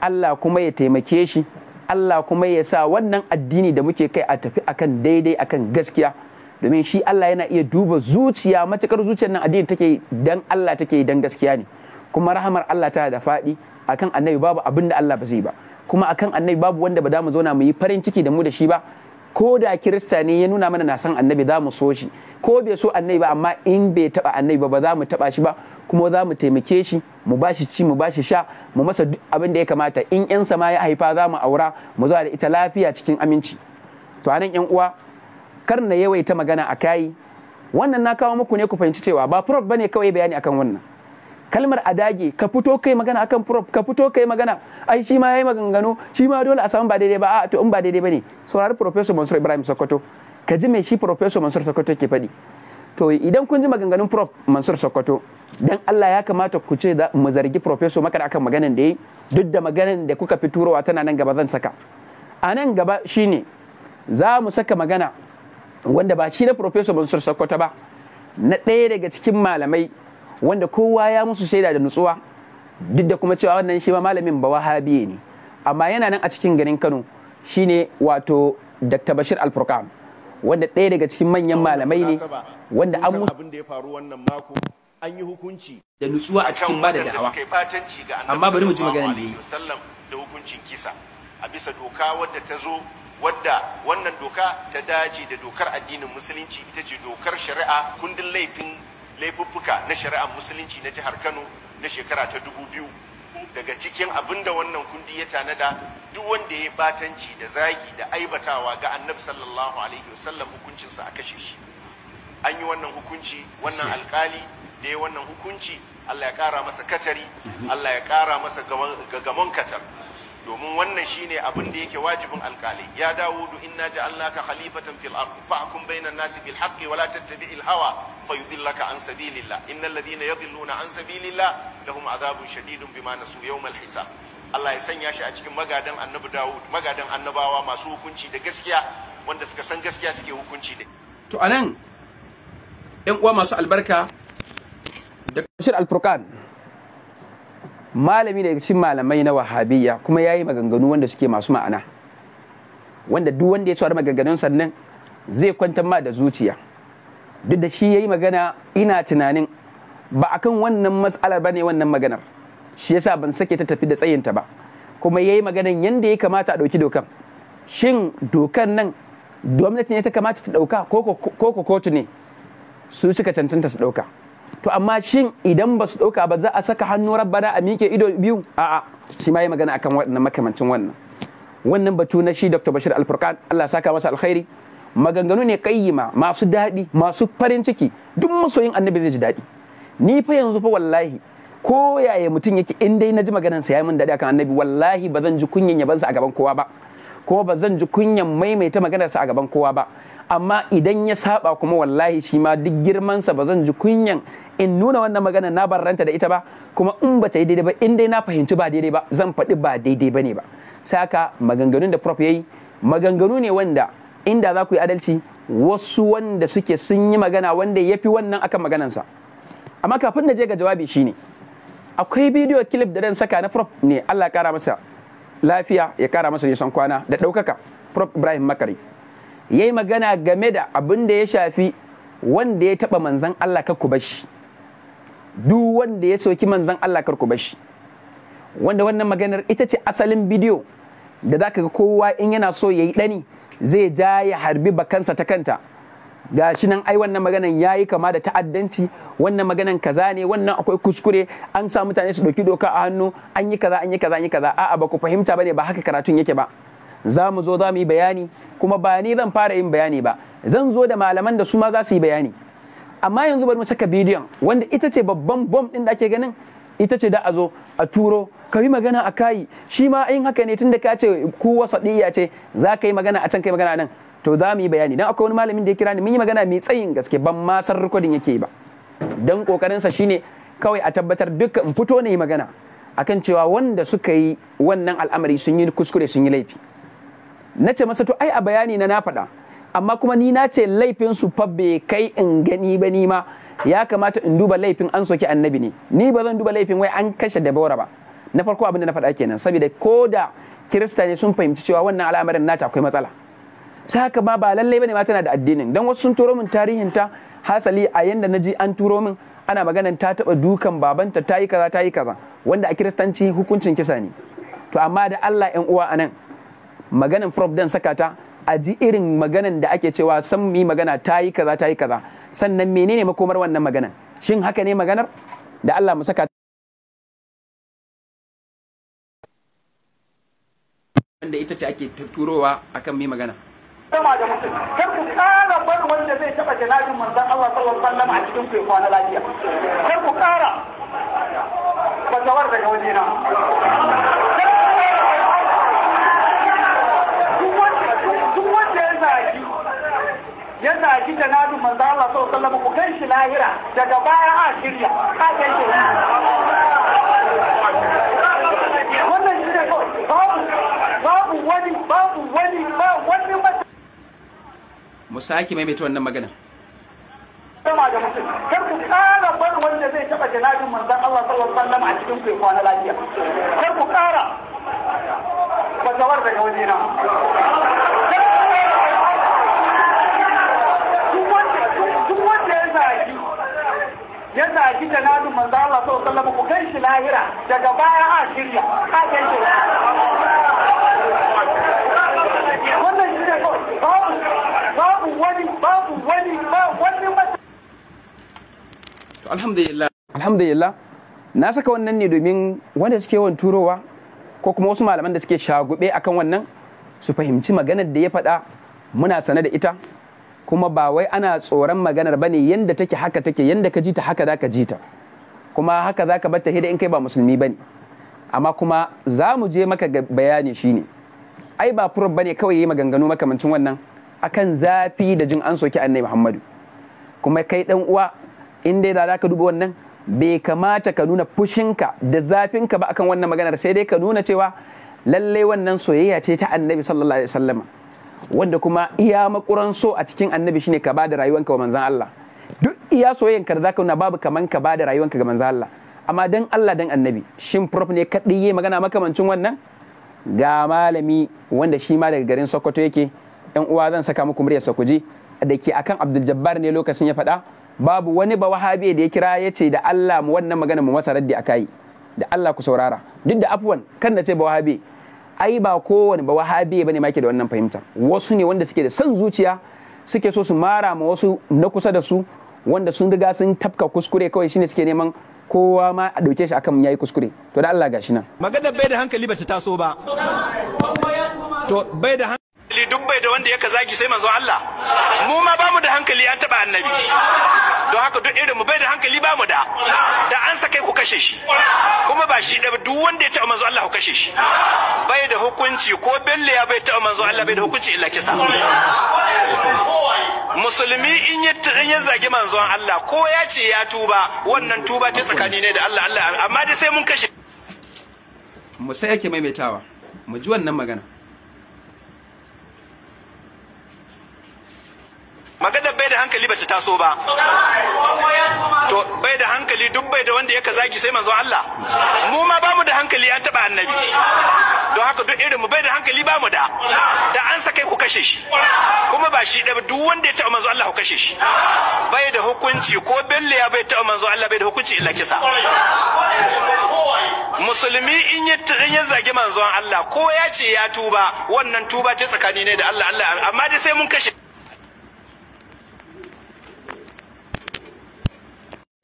Allah kuma ya taimake shi Allah kuma ya sa wannan addini da muke kai a tafi akan daidai akan gaskiya domin shi Allah yana iya duba zuciya matukar zuciyar nan addini take dan Allah take dan gaskiya ne kuma rahamar Allah ta da faɗi akan annabi babu abin da Allah ba zai ba kuma akan annabi babu wanda ba za mu zauna mu yi farin ciki da mu da shi ba ko da kirista ne ya nuna mana na san annabi za mu so shi ko bai so annabi ba amma in bai taba annabi ba ba za mu taba shi ba kuma za mu taimake shi mu ba shi ci mu ba shi sha mu masa duk abin da ya kamata in yan sama ya haifa za mu aura mu zo da ita lafiya cikin aminci to anan yan uwa kar na yawaita magana a kai wannan na kawo muku ne ku fahimci cewa ba prof bane kawai bayani akan wannan kalmar a dage ka fito kai magana akan prop ka fito kai magana ai shi ma yayi maganganu shi ma dole a samu ba daidai ba a to in ba daidai bane saurari professor Mansur Ibrahim Sokoto ka ji me shi professor Mansur Sokoto ke faɗi to idan kun ji maganganun prof Mansur Sokoto dan Allah ya kamata ku ce mu zargi professor makar akan maganan da yi duk da maganan da kuka fiturowa tana nan gaba zan saka a nan gaba shine za mu saka magana wanda ba shi na professor Mansur Sokoto ba na ɗaya daga cikin malamai wanda kowa ya musu shaida da nutsuwa duk da kuma cewa wannan shi ma malamin ba wahabiye ne amma yana nan a cikin garin Kano shine wato Dr. Bashir Alfurqan wanda ɗaya daga cikin manyan malamai ne wanda an musu abin da ya faru wannan mako an yi hukunci da nutsuwa a cikin ba da da'awa amma bari mu ji maganar da yi da hukuncin kisa a bisa doka wadda ta zo wadda wannan doka ta dace da dokar addinin musulunci ita ce dokar shari'a kundin laifin laifuffuka na shari'ar musulunci na jihar Kano na shekara ta dubu biyu daga cikin abin da wannan kundi ya tanada duk wanda ya batanci da zagi da aibatawa ga annabi sallallahu alaihi wasallam hukuncinsa a kashe shi an yi wannan hukunci wannan alkali da ya wannan hukunci Allah ya kara masa katari Allah ya kara masa gagamon katar domin wannan shine abin da yake wajibin alkali ya dawudu inna ja'alnaka khalifatan fil ard fahkum bainan nasi bil haqqi wa la tattabi'il hawa fayudillaka an sabilillah innal ladhina yadhilluna an sabilillah lahum adhabun shadidun bima nasu yawmal hisab Allah ya sanya shi a cikin magadan annabi Dawud magadan annabawa masu hukunci da gaskiya wanda suka san gaskiya suke hukunci da to anan ƴan uwa masu albarka da Bashir Alfurqan malami daga cikin malamai na wahabiyya kuma ya yi maganganu wanda suke masu ma'ana wanda duk wanda ya saurari maganganun sannan zai kwantar ma da zuciya duk da shi yayi magana ina tunanin ba akan wannan mas'alar bane wannan maganar shi yasa ban sake ta tafi da tsayinta ba kuma yayi maganan yanda ya kamata a ɗauki dokan shin dokan nan gwamnati ne ta kamata ta ɗauka ko ko kotu ne su suka cancanta su ɗauka to amma shin idan ba su ɗauka ba za a saka hannu rabbana a miƙe ido biyu a'a shi ma yi magana akan waɗannan makamancin wannan wannan batu na shi dr bashir alfurkan allah saka masa alkhairi maganganu ne kayyima masu daɗi masu farin ciki duk masoyin annabi zai ji daɗi ni fa yanzu fa wallahi ko yaya mutum yake in dai na ji maganansa ya yi min daɗi akan annabi wallahi ba zan ji kunyan yabansa a gaban kowa ba kuma ba zan ji kunyan maimaita maganarsa a gaban kowa ba amma idan ya saba kuma wallahi shi ma duk girmansa ba zan ji kunyan in nuna wannan magana na ranta da ita ba kuma in ba ta yi daidai ba in dai na fahimci ba daidai ba zan faɗi ba daidai ba ne ba sai haka maganganun da prof yayi maganganu ne wanda inda za ku yi adalci wasu wanda suke sun yi magana wanda ya fi wannan akan maganansa amma kafin na je ga jawabi shine akwai bidiyo clip da dan saka na prof ne Allah kara masa lafiya ya kara masa nisan kwana da ɗaukaka prof ibrahim makari ya yi magana game da abin da ya shafi wanda ya taɓa manzan allah kar ku bashi duk wanda ya soki manzan allah kar ku bashi wanda wannan maganar ita ce asalin bidiyo da zaka ga kowa in yana so ya yi ɗani zai ja ya harbi bakansa ta kanta ga shi nan ai wannan maganan ya yi kama da ta'addanci wannan maganan kaza ne wannan akwai kuskure an sa mutane su ɗauki doka a hannu an yi kaza an yi kaza an yi kaza a'a ba ku fahimta ba ne ba haka karatun yake ba za mu zo za mu yi bayani kuma ba ni zan fara yin bayani ba zan zo da malaman da su ma za su yi bayani amma yanzu bari mu saka bidiyon wanda ita ce babban bom ɗin da ake ganin ita ce da a zo a turo ka yi magana a kayi shi ma in haka ne tun da ka ce ku wasa ce za ka yi magana a can ka yi magana nan to za mu yi bayani dan akwai wani malamin da ya kira ni mun yi magana mai tsayin gaske ban ma san rikodin yake ba dan kokarin sa shine kawai a tabbatar duka in fito ne magana akan cewa wanda suka yi wannan al'amari sun yi kuskure sun yi laifi na ce masa to ai a bayani na na faɗa amma kuma ni na ce laifin su fa bai kai in gani ba ni ma ya kamata in duba laifin an soki annabi ne ni ba zan duba laifin wai an kashe dabora ba na farko abin da na faɗa kenan saboda ko da kirista ne sun fahimci cewa wannan al'amarin nata akwai matsala sai haka ma ba lallai bane ma tana da addinin dan wasu sun turo min tarihin ta hasali a yanda naji an turo min ana maganan ta taba dukan babanta tayi yi kaza ta kaza wanda a kiristanci hukuncin kisa ne to amma da Allah yan uwa anan maganan from dan saka a ji irin maganan da ake cewa san mi magana ta kaza ta kaza sannan menene makomar wannan maganan shin haka ne maganar da Allah mu saka wanda ita ce ake turowa akan mi magana sama da mutum kar ku kara bar wanda zai taba janabin manzon Allah sallallahu alaihi wasallam a cikin ku kwana lafiya kar ku kara bazawar daga wajena ya zagi ya zagi janabin manzon Allah sallallahu alaihi wasallam ku kai shi lahira daga baya a shirya a kai shi wannan shi ne kawai babu wani babu wani mu sake maimaita wannan magana sama da mutum kar ku kara bar wanda zai taɓa janabin manzon Allah sallallahu alaihi wasallam a cikin ku kwana lafiya kar ku kara bazawar daga wajena duk wanda ya zagi ya zagi janabin manzon Allah sallallahu alaihi wasallam ku kai shi lahira daga baya a shirya ka kai shi wannan shi alhamdulillah na saka wannan ne domin wanda suke yawan turowa ko kuma wasu malaman da suke shagube akan wannan su fahimci maganar da ya faɗa muna sane da ita kuma ba wai ana tsoron maganar ba ne yadda take haka take yadda ka ji ta haka za ka ji ta kuma haka za ka bata hida in kai ba musulmi ba ne amma kuma za mu je maka bayani shine ne ai ba furuf bane kawai yayi maganganu makamancin wannan akan zafi da jin an soki annabi Muhammadu kuma kai dan uwa in dai za ka duba wannan bai kamata ka nuna fushinka da zafinka ba akan wannan maganar sai dai ka nuna cewa lallai wannan soyayya ce ta annabi sallallahu alaihi wasallam wanda kuma iya makuran so a cikin annabi shine ka bada rayuwanka wa manzan Allah duk iya soyayyanka da zaka nuna babu kaman ka bada rayuwanka ga manzan Allah amma dan Allah dan annabi shin prof ne kadai yayi magana makamancin wannan ga malami wanda shi ma daga garin sokoto yake yan uwa zan saka muku muryar sakuji da ke akan abdul jabbar ne lokacin ya faɗa babu wani ba wahabi da ya kira ya ce da allah mu wannan magana mu masa raddi akai da allah ku saurara duk da afwan kan na ce ba wahabi ai ba kowane ba wahabi bane ma ke da wannan fahimta wasu ne wanda suke da son zuciya suke so su mara ma wasu na kusa da su wanda sun riga sun tafka kuskure kawai shine suke neman kowa ma a dauke shi akan yayi kuskure to da Allah gashi nan magana bai da hankali bata taso ba to bai da hankali duk bai da wanda ya kaza zagi sai manzo Allah mu ma ba mu da hankali an taba annabi don haka duk irin mu bai da hankali ba mu da da an sakai ku kashe shi kuma ba shi da duk wanda ya taba manzo Allah ku kashe shi bai da hukunci ko belle ya bai taba manzo Allah bai da hukunci illa kisa musulmi in ya in ya zagi manzon Allah ko ya ce ya tuba wannan tuba ta tsakani ne da Allah Allah amma dai sai mun kashe mu sai yake maimaitawa mu ji wannan magana maganar bai da hankali bata taso ba to bai da hankali duk bai da wanda ya ka zagi sai manzo Allah mu ma bamu da hankali an taba annabi don haka duk irin mu bai da hankali bamu da da an sakai ku kashe shi kuma ba shi da duk wanda ya taba manzo Allah ku kashe shi bai da hukunci ko belle ya bai taba manzo Allah bai da hukunci illa kisa musulmi in ya zagi manzon Allah ko ya ce ya tuba wannan tuba ce tsakani ne da Allah Allah amma dai sai mun kashe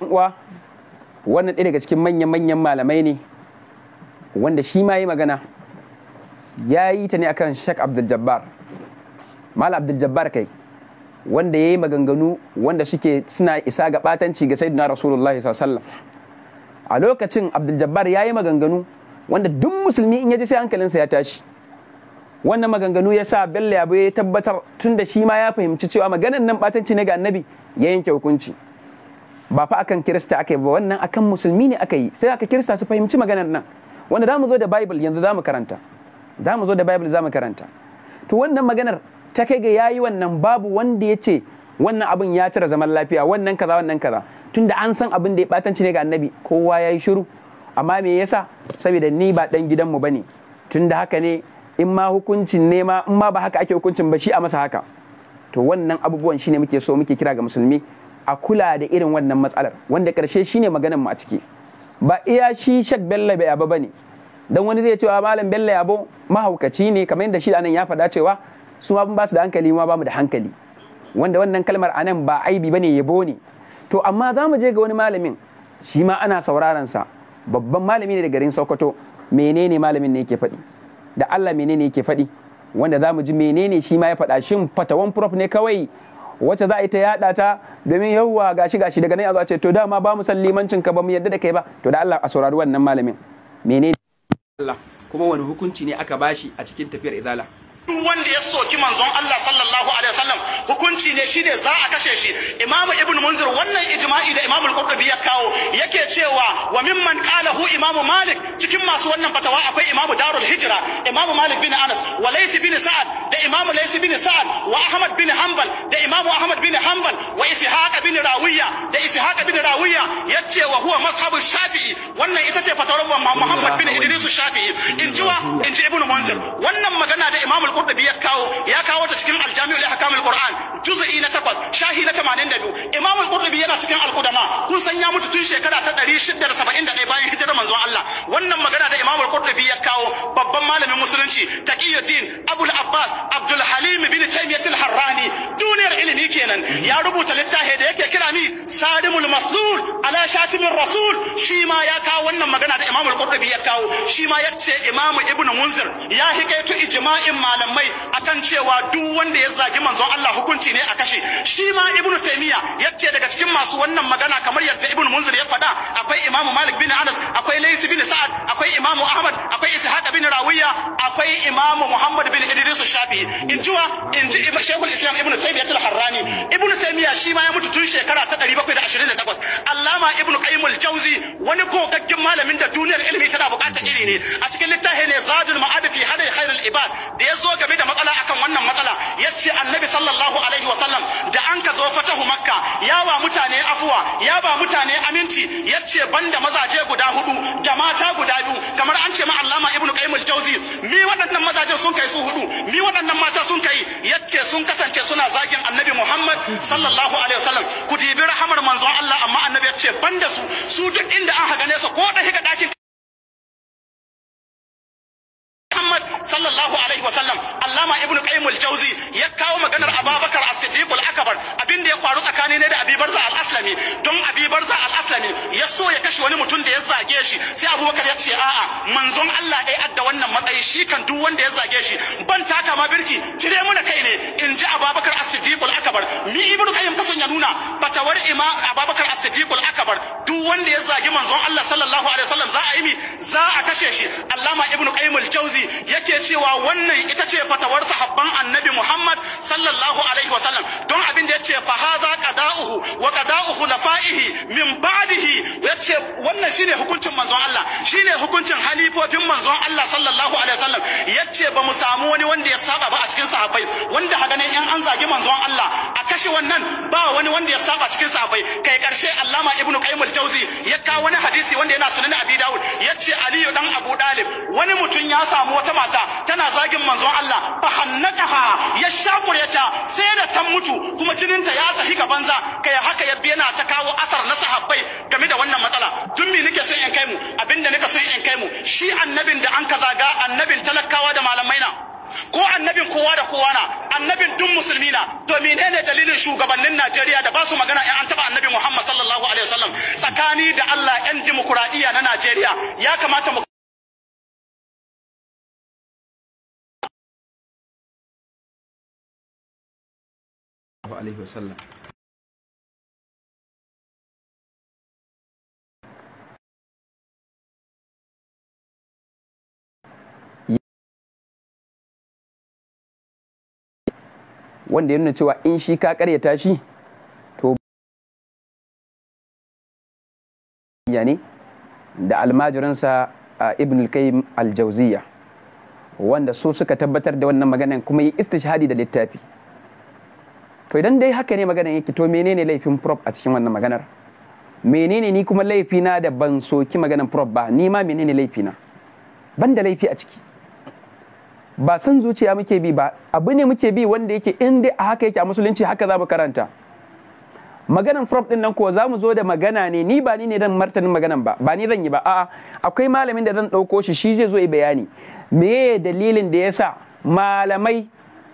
uwa wannan ɗaya daga cikin manyan manyan malamai ne wanda shi ma yi magana ya yi ta ne akan shek abdul-jabbar malam abdul-jabbar kai wanda ya yi maganganu wanda suke suna isa ga ɓatanci ga sayyidina rasulullahi sallam a lokacin abdul-jabbar ya yi maganganu wanda duk musulmi in ya ji sai hankalinsa ya tashi wannan maganganu ya sa bello ya tabbatar tun da shi ma ya fahimci cewa maganan nan ɓatanci ne ga annabi ya yanke hukunci ba fa akan kirista aka yi ba wannan akan musulmi ne aka yi sai aka kirista su fahimci maganar nan wanda za mu zo da bible yanzu za mu karanta za mu zo da bible za mu karanta to wannan maganar ta kai ga yayi wannan babu wanda ya ce wannan abin ya cire zaman lafiya wannan kaza wannan kaza tunda an san abin da ya batanci ne ga annabi kowa ya yi shiru amma me yasa saboda ni ba dan gidanmu bane tunda haka ne in ma hukuncin ne ma in ma ba haka ake hukuncin ba shi a masa haka to wannan abubuwan shine muke so muke kira ga musulmi a kula da irin wannan matsalar wanda karshe shine maganar mu a ciki ba iya shi shak bello bai ba bane dan wani zai cewa ah, malam bello yabo mahaukaci ne kamar yadda shi nan ya faɗa cewa su ma ba su da hankali ma ba mu da hankali wanda wannan kalmar anan ba aibi bane yabo ne to amma za mu je ga wani malamin shi ma ana sauraron sa babban malami ne da garin Sokoto menene malamin ne yake faɗi da Allah menene yake faɗi wanda za mu ji menene shi ma ya faɗa shin fatawan prof ne kawai wacce za a yi ta yaɗa ta domin yawwa gashi gashi daga nan a ce to dama ba mu san limancin ka ba mu yadda da kai ba to da Allah a saurari wannan malamin menene Allah kuma wani hukunci ne aka bashi a cikin tafiyar izala duk wanda ya soki manzon Allah sallallahu alaihi wasallam hukunci ne shine za a kashe shi imamu ibnu munzir wannan ijma'i da imamu al-qurtubi ya kawo yake cewa wa mimman hu? imamu malik cikin masu wannan fatawa akwai imamu darul hijra imamu malik bin anas wa lays bin sa'ad da imamu lays bin sa'ad wa ahmad bin hanbal da imamu ahmad bin hanbal wa ishaq bin rawiya da ishaq bin rawiya yace wa huwa mazhabu shafi'i wannan ita ce fatawar muhammad bin idris shafi'i in ji wa in ji ibnu munzir wannan magana da imamu al-qurtubi ya kawo ya kawo ta cikin aljami'ul jamiu li juz'i na takwas shahi na 82 imam qurtubi yana cikin al kun san ya mutu tun shekara ta 671 bayan hijirar manzon Allah wannan magana da imam al-qurtubi ya kawo babban malamin musulunci taqiyuddin abul abbas abdul halim bin taymiyyah al-harrani duniyar ilimi kenan ya rubuta littafi da yake kira ni sadimul maslul ala rasul shi ma ya kawo wannan magana da imam al-qurtubi ya kawo shi ma yace imam ibnu munzir ya hikaitu ijma'in malamai malamai akan cewa duk wanda ya zagi manzon Allah hukunci ne a kashe shi ma ibnu taymiya yace daga cikin masu wannan magana kamar yadda ibnu munzir ya faɗa akwai imamu malik bin anas akwai lays bin sa'ad akwai imamu ahmad akwai ishaq bin rawiya akwai imamu muhammad bin idris shafi'i in jiwa in ji shaykhul islam ibnu taymiya al-harrani ibnu taymiya shi ma ya mutu tun shekara ta 728 allama ibnu qayyim al-jauzi wani kokaggen malamin da duniyar ilimi tana bukata iri ne a cikin littafin ne zadul ma'ad fi hadai khairul ibad da yazo game da matsala akan wannan matsala ya ce annabi sallallahu alaihi wasallam da an ka zo fatahu makka ya ba mutane afuwa ya ba mutane aminci ya ce banda mazaje guda hudu da mata guda biyu kamar an ce ma allama ibnu qayyim al-jauzi mi waɗannan mazaje sun kai su hudu mi waɗannan mata sun kai ya ce sun kasance suna zagin annabi muhammad sallallahu alaihi wasallam ku dibi rahamar manzon allah amma annabi ya ce banda su su duk inda an haga nesa ko da ka ɗakin sallallahu alaihi wasallam allama ibnu qayyim al-jauzi ya kawo maganar ababakar as-siddiq al-akbar abin da ya faru tsakani ne da Abibarza al-aslami don Abibarza al-aslami ya so ya kashe wani mutum da ya zage shi sai abubakar ya ce a'a manzon Allah dai adda wannan matsayi shi kan duk wanda ya zage shi ban taka ma birki tire mu da kai ne in ji ababakar as-siddiq al-akbar ni ibnu qayyim kasan ya nuna fatawar ima ababakar as-siddiq al-akbar duk wanda ya zagi manzon Allah sallallahu alaihi wasallam za a yi mi za a kashe shi allama ibnu qayyim al ya yake yake cewa wannan ita ce fatawar sahabban annabi Muhammad sallallahu alaihi wasallam don abin da ce fa haza qada'uhu wa qada'u fa'ihi min ba'dihi yace wannan shine hukuncin manzon Allah shine hukuncin halifofin manzon Allah sallallahu alaihi wasallam yace ba mu samu wani wanda ya saba ba a cikin sahabbai wanda haka ne an zagi manzon Allah a kashe wannan ba wani wanda ya saba cikin sahabbai kai karshe Allama Ibn Qayyim al-Jauzi ya kawo wani hadisi wanda yana sunan Abi Dawud yace Aliyu dan Abu Dalib wani mutum ya samu wata mata tana zagin manzon Allah fa hannaqaha ya shakure ta sai da ta mutu kuma jininta ya tafi ga banza kai haka ya yana ta kawo asar na sahabbai game da wannan matsala tun me nake son in kai mu abinda nake son in kai mu shi annabin da an kaza ga annabin talakawa da malamai na ko annabin kowa da kowa na annabin duk musulmi na to menene dalilin shugabannin Najeriya da ba su magana in an taba annabi Muhammad sallallahu alaihi wasallam tsakani da Allah yan dimokuraɗiyya na Najeriya ya kamata mu sallallahu alaihi wasallam wanda ya nuna cewa in shi ka karyata shi to yani da almajiransa a ibn al-qayyim al-jawziya wanda su suka tabbatar da wannan maganan kuma yi istishhadi da littafi to idan dai haka ne maganar yake to menene laifin prop a cikin wannan maganar menene ni kuma laifina da ban soki maganar prop ba ni ma menene laifina ban da laifi a ciki ba san zuciya muke bi ba abu ne muke bi wanda yake in a haka yake a musulunci haka za mu karanta Maganar prop din nan ko za mu zo da magana ne ni ba ni ne dan martanin maganar ba ba ni zan yi ba a'a akwai malamin da zan ɗauko shi shi zai zo ya bayani Me dalilin da yasa malamai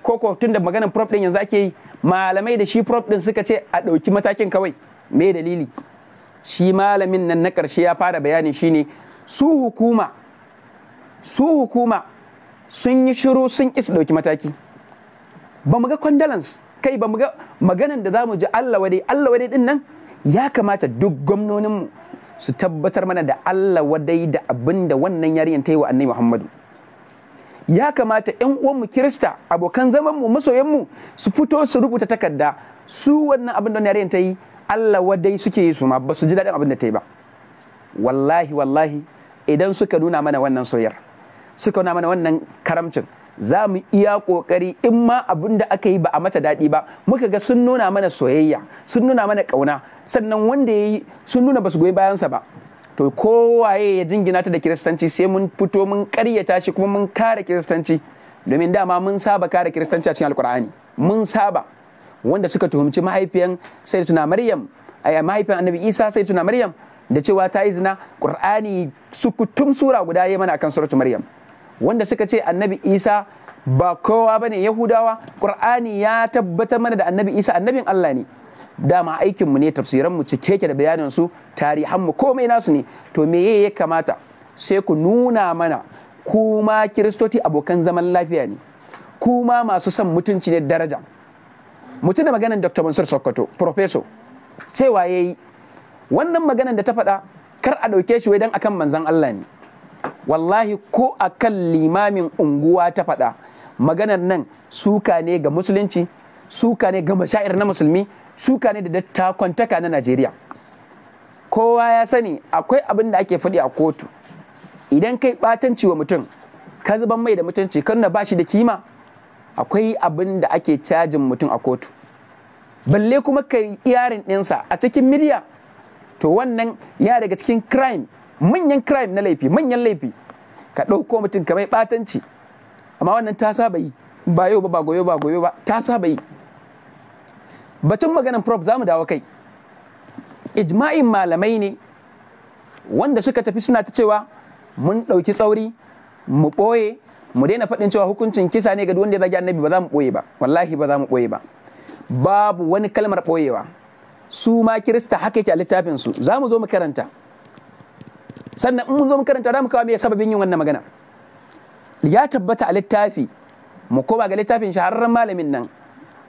ko ko tun da maganar prop din yanzu ake yi malamai da shi prop din suka ce a ɗauki matakin kawai me dalili shi malamin nan na ƙarshe ya fara bayani shine su hukuma su hukuma sun yi shiru sun ƙi su ɗauki mataki ba mu ga condolence kai ba mu ga maganan da za mu ji Allah wadai Allah wadai din nan ya kamata duk gwamnoninmu su tabbatar mana da Allah wadai da abin da wannan yarinyar ta yi wa annabi Muhammadu ya kamata 'yan uwanmu kirista abokan zamanmu masoyanmu su fito su rubuta takarda su wannan abin da ta yi Allah wadai suke yi su ma ba su ji daɗin abin da ta yi ba wallahi wallahi idan suka nuna mana wannan soyar suka nuna mana wannan karamcin za mu iya kokari in ma abin da aka yi ba a mata daɗi ba muka ga sun nuna mana soyayya sun nuna mana ƙauna sannan wanda ya yi sun nuna ba su goyi bayansa ba to kowaye ya jingina ta da kiristanci sai mun fito mun karyata shi kuma mun kare kiristanci domin dama mun saba kare kiristanci a cikin alkur'ani mun saba wanda suka tuhumci mahaifiyan sai tuna maryam ai mahaifiyan annabi isa sai tuna maryam da cewa ta yi zina qur'ani sukutum sura guda yayi mana akan suratu maryam wanda suka ce annabi isa ba kowa bane yahudawa qur'ani ya tabbatar mana da annabi isa annabin allah ne dama aikinmu ne tafsiranmu cike ke da bayanin su tarihanmu komai nasu ne to me ya kamata sai ku nuna mana kuma kiristoti abokan zaman lafiya ne kuma masu son mutunci ne daraja mutum da maganar dr mansur sokoto professor cewa ya yi wannan maganar da ta faɗa kar a ɗauke shi wai dan akan manzan allah ne wallahi ko akan limamin unguwa ta faɗa maganar nan suka ne ga musulunci suka ne ga mashair na musulmi suka ne da dattakwantaka na najeriya kowa ya sani akwai abin da ake faɗi a kotu idan kai batanci wa mutum ka zuban mai da mutunci kan na ba da kima akwai abin da ake cajin mutum a kotu balle kuma kai iyarin ɗinsa a cikin miliya to wannan ya daga cikin crime manyan crime na laifi manyan laifi ka ɗauko mutum ka mai ɓatanci amma wannan ta saba yi ba yau ba ba goyo ba goyo ba ta saba yi batun maganan prof za mu dawo kai ijma'in malamai ne wanda suka tafi suna ta cewa mun ɗauki tsauri mu ɓoye mu daina faɗin cewa hukuncin kisa ne ga wanda ya zagi annabi ba za mu ɓoye ba wallahi ba za mu ɓoye ba babu wani kalmar ɓoyewa su ma kirista haka yake a littafin su za mu zo mu karanta sannan in mun zo mu karanta za mu kawo me sababin yin wannan magana ya tabbata a littafi mu koma ga littafin shahararren malamin nan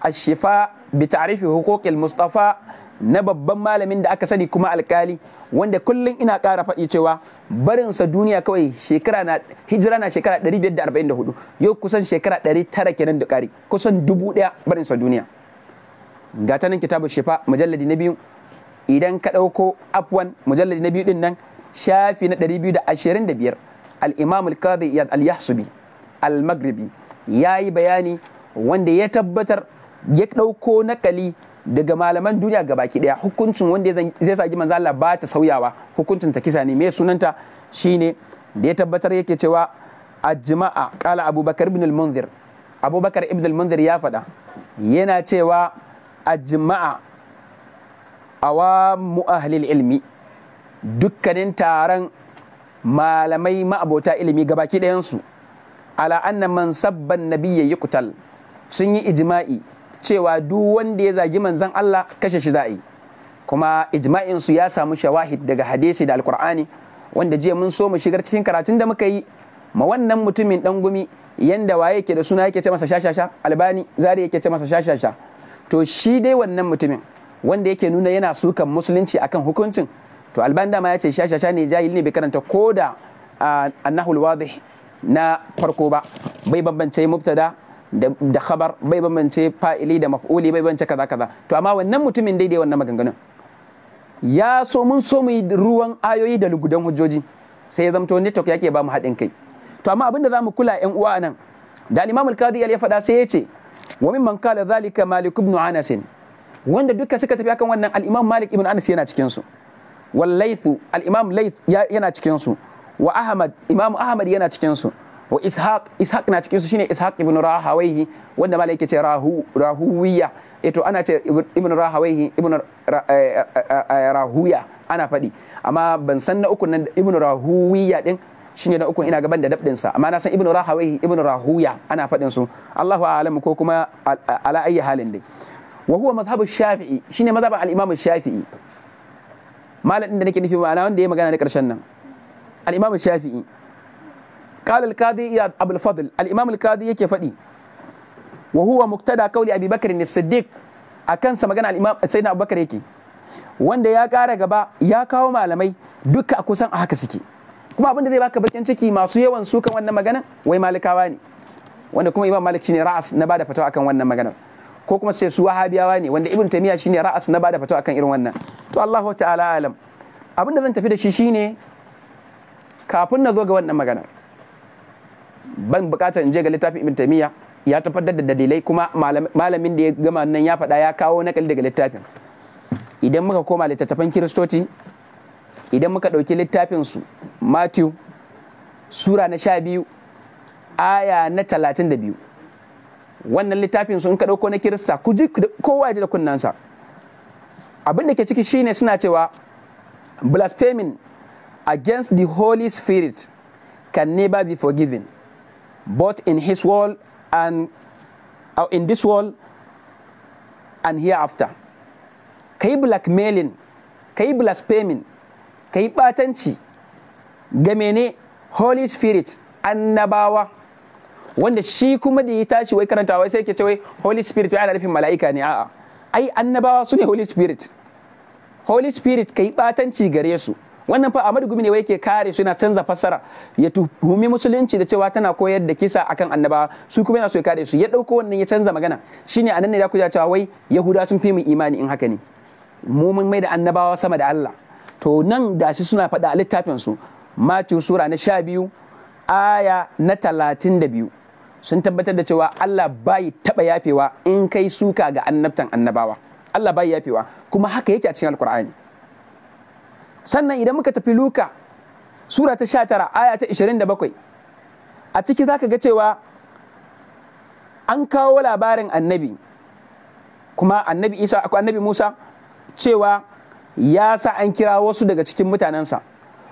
ashifa bi ta'rifi hukukil mustafa na babban malamin da aka sani kuma alkali wanda kullum ina ƙara faɗi cewa barinsa duniya kawai shekara na hijira na shekara 544 yau kusan shekara 900 kenan da ƙari kusan dubu ɗaya barinsa duniya ga ta nan kitabu shifa mujalladi na biyu idan ka ɗauko afwan mujalladi na biyu ɗin nan shafi na 225 al-imam al-qadi al-yahsubi al-maghribi yayi bayani wanda ya tabbatar ya ɗauko nakali daga malaman duniya ga baki ɗaya hukuncin wanda zai sa manzo Allah ba ta sauyawa hukuncin ta kisa ne Mai sunanta shine da ya tabbatar yake cewa ajma'a kala abubakar ibn al-munzir abubakar ibn al-munzir ya faɗa yana cewa ajma'a awamu mu'ahalil ilmi dukkanin taron malamai ma'abota ilimi ga baki ɗayansu ala anna man sabban nabiyya kutal sun yi ijma'i cewa duk wanda ya zagi manzan Allah kashe shi za'a yi kuma ijma'in su ya samu shawahid daga hadisi da alqur'ani wanda jiya mun so mu shigar cikin karatun da muka yi ma wannan mutumin dan gumi yanda waye yake da suna yake ce masa shashasha albani zari yake ce masa shashasha to shi dai wannan mutumin wanda yake nuna yana sukan musulunci akan hukuncin to albani dama ya ce shashasha ne jahil ne bai karanta ko da annahul wadih na farko ba bai bambance mubtada da khabar bai bambance fa'ili da maf'uli bai bambance kaza kaza to amma wannan mutumin daidai wannan maganganun ya so mun so mu ruwan ayoyi da lugudan hujjoji sai ya zamto network yake ba mu haɗin kai to amma abinda za mu kula yan uwa nan da imam al-qadi ya faɗa sai ya ce wa man qala zalika malik ibn anas wanda duka suka tafi akan wannan al-imam malik ibn anas yana cikin su wal al-imam layth yana cikin su wa ahmad imam ahmad yana cikin su wa ishaq ishaq na cikin su shine ishaq ibn rahawayhi wanda malai yake ce rahu rahuwiya eto eh ana ce ibn rahawayhi ibn eh, eh, rahuya ana faɗi amma ban san na uku nan ibn rahuwiya din shine na uku ina gaban da dabdin sa amma na san ibn rahawayhi ibn rahuya ana fadin su Allahu a'lam ko kuma ala ayyi halin dai wa huwa mazhabu shafi'i shine mazhabu al-imam shafi'i malamin da nake nufi ma'ana wanda ya magana da karshen nan al-imam shafi'i قال القاضي إياد أبو الفضل الإمام القاضي يكي فدي وهو مقتدى قول أبي بكر الصديق akan sa magana al-Imam Sayyidina Abubakar yake wanda ya ƙara gaba ya kawo malamai duka a kusan a haka suke kuma abin da zai baka bakin ciki masu yawan su kan wannan magana wai malikawa ne wanda kuma Imam Malik shine ra'as na bada fatawa akan wannan magana. ko kuma sai su wahabiyawa ne wanda Ibn Taymiyyah shine ra'as na bada fatawa akan irin wannan to Allahu ta'ala alam abin da zan tafi da shi shine kafin na zo ga wannan magana. ban bukatar in je ga littafin ibn taymiya ya tabbatar da dalilai kuma malamin da ya gama nan ya faɗa ya kawo nakali daga littafin idan muka koma littattafan kiristoci idan muka ɗauki littafin su matthew sura na sha biyu aya na talatin da biyu wannan littafin sun ka ɗauko na kirista ku ji kowa ya ji da kunnansa abin da ke ciki shine suna cewa blaspheming against the holy spirit can never be forgiven both in his world and uh, in this world and hereafter ka yi blackmailing ka yi blaspheming ka yi ɓatanci game ne holy spirit annabawa wanda shi kuma da ya tashi wai karanta wai sai ke ce wai holy spirit yana nufin mala'ika ne a'a ai annabawa su ne holy spirit holy spirit ka yi gare su wannan fa Ahmadu Gumi ne wai yake kare su yana canza fassara ya tuhumi musulunci da cewa tana koyar da kisa akan annabawa su kuma yana so ya kare su ya dauko wannan ya canza magana shine anan ne da ku cewa wai Yahuda sun fi mu imani in haka ne mu mun mai da annabawa sama da Allah to nan da shi suna faɗa a littafin su Matthew sura na 12 aya na 32 sun tabbatar da cewa Allah bai taba yafewa in kai suka ga annabtan annabawa Allah bai yafewa kuma haka yake a cikin Alkur'ani sannan idan muka tafi luka sura ta 19 aya ta 27 a ciki zaka ga cewa an kawo labarin annabi kuma annabi isa annabi musa cewa ya sa an kira wasu daga cikin mutanensa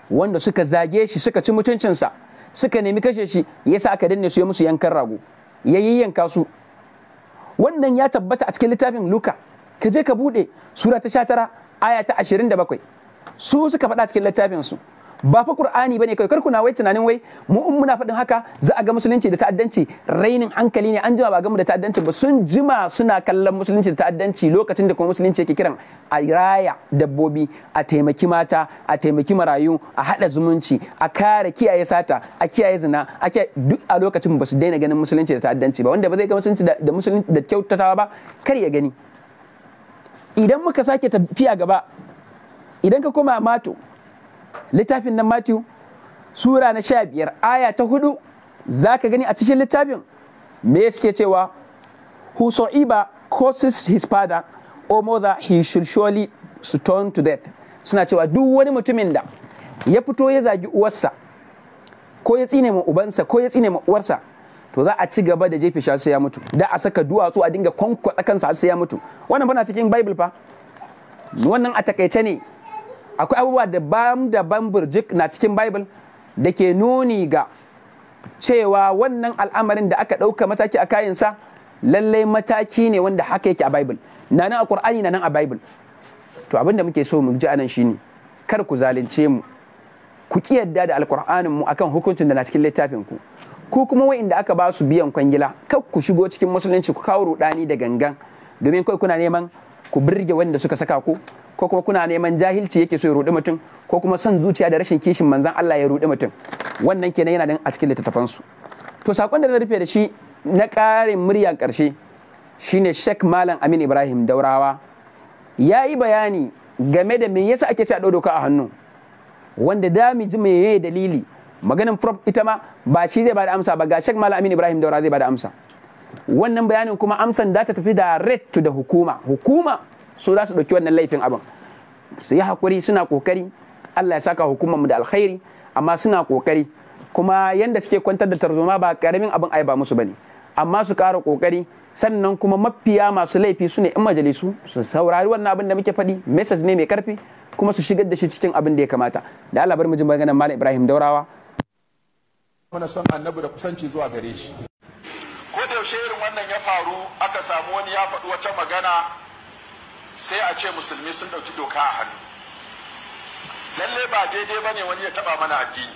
wanda suka zage shi suka ci mutuncinsa suka nemi kashe shi ya sa aka danne su ya musu yankan rago ya yi yanka su wannan ya tabbata a cikin littafin luka ka je ka buɗe sura ta 19 aya ta 27 su suka faɗa cikin littafin su ba fa qur'ani bane kai kar kuna wai tunanin wai mu in muna faɗin haka za a ga musulunci da ta'addanci rainin hankali ne an jima ba ga mu da ta'addanci ba sun jima suna kallon musulunci da ta'addanci lokacin da kuma musulunci yake kiran a raya dabbobi a taimaki mata a taimaki marayu a hada zumunci a kare kiyaye sata a kiyaye zina a duk a lokacin ba su daina ganin musulunci da ta'addanci ba wanda ba zai ga musulunci da musulunci da kyautatawa ba kar ya gani idan muka sake tafiya gaba idan ka koma matu littafin nan matu sura na sha biyar aya ta hudu za ka gani a cikin littafin me suke cewa iba causes his father or mother he should surely stone to death suna cewa duk wani mutumin da ya fito ya zagi uwarsa ko ya tsine ma ubansa ko ya tsine ma uwarsa to za a ci gaba da jefe shi sai ya mutu da a saka duwatsu a dinga kwankwatsa kansa sai ya mutu wannan bana cikin bible fa wannan a takaice ne akwai abubuwa daban daban burjik na cikin bible da ke nuni ga cewa wannan al'amarin da aka ɗauka mataki a kayansa lallai mataki ne wanda haka yake a bible na nan a ƙur'ani na nan a bible to abin da muke so mu ji anan shine kar ku zalunce mu ku ki yadda da alƙur'anin mu akan hukuncin da na cikin littafin ku ku kuma wa'inda aka ba su biyan kwangila kar ku shigo cikin musulunci ku kawo rudani da gangan domin kai kuna neman ku birge wanda suka saka ku ko kuma kuna neman jahilci yake so ya rudi mutum ko kuma son zuciya da rashin kishin manzan Allah ya rudi mutum wannan kenan yana nan a cikin littattafan su to sakon da na rufe da shi na karin murya karshe shine Sheikh Malam Amin Ibrahim Daurawa ya yi bayani game da me yasa ake ci a doka a hannu wanda da mu ji meye dalili maganin prof ita ma ba shi zai bada amsa ba ga Sheikh Malam Amin Ibrahim Daurawa zai bada amsa wannan bayanin kuma amsan za ta tafi direct to da hukuma hukuma su za su ɗauki wannan laifin abin su yi hakuri suna kokari Allah ya saka hukumar mu da alkhairi amma suna kokari kuma yanda suke kwantar da tarzoma ba karamin abin ai ba musu bane amma su ƙara kokari sannan kuma mafiya masu laifi su ne 'yan majalisu su saurari wannan abin da muke faɗi message ne mai karfi kuma su shigar da shi cikin abin da ya kamata da Allah bar mu ji maganar Malam Ibrahim Daurawa muna son annabi da kusanci zuwa gare shi ko da yaushe irin wannan ya faru aka samu wani ya faɗi wata magana sai a ce musulmi sun ɗauki doka a hannu lalle ba daidai ba ne wani ya taɓa mana addini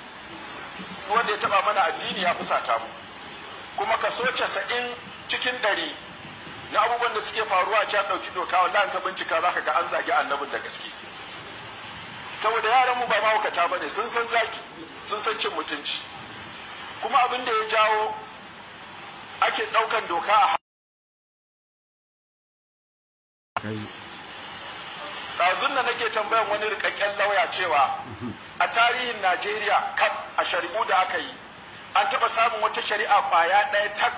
wanda ya taɓa mana addini ya fusata mu kuma kaso casa'in cikin ɗari na abubuwan da suke faruwa a can ɗauki doka wanda an ka bincika za ka ga an zagi annabin da gaske saboda yaran mu ba mahaukata ba ne sun san zaki sun san cin mutunci kuma abin da ya jawo ake ɗaukan doka a ɗazun da nake tambayan wani rikakken lauya cewa a tarihin najeriya kaf a shari'u da aka yi an taba samun wata shari'a kwaya ɗaya tak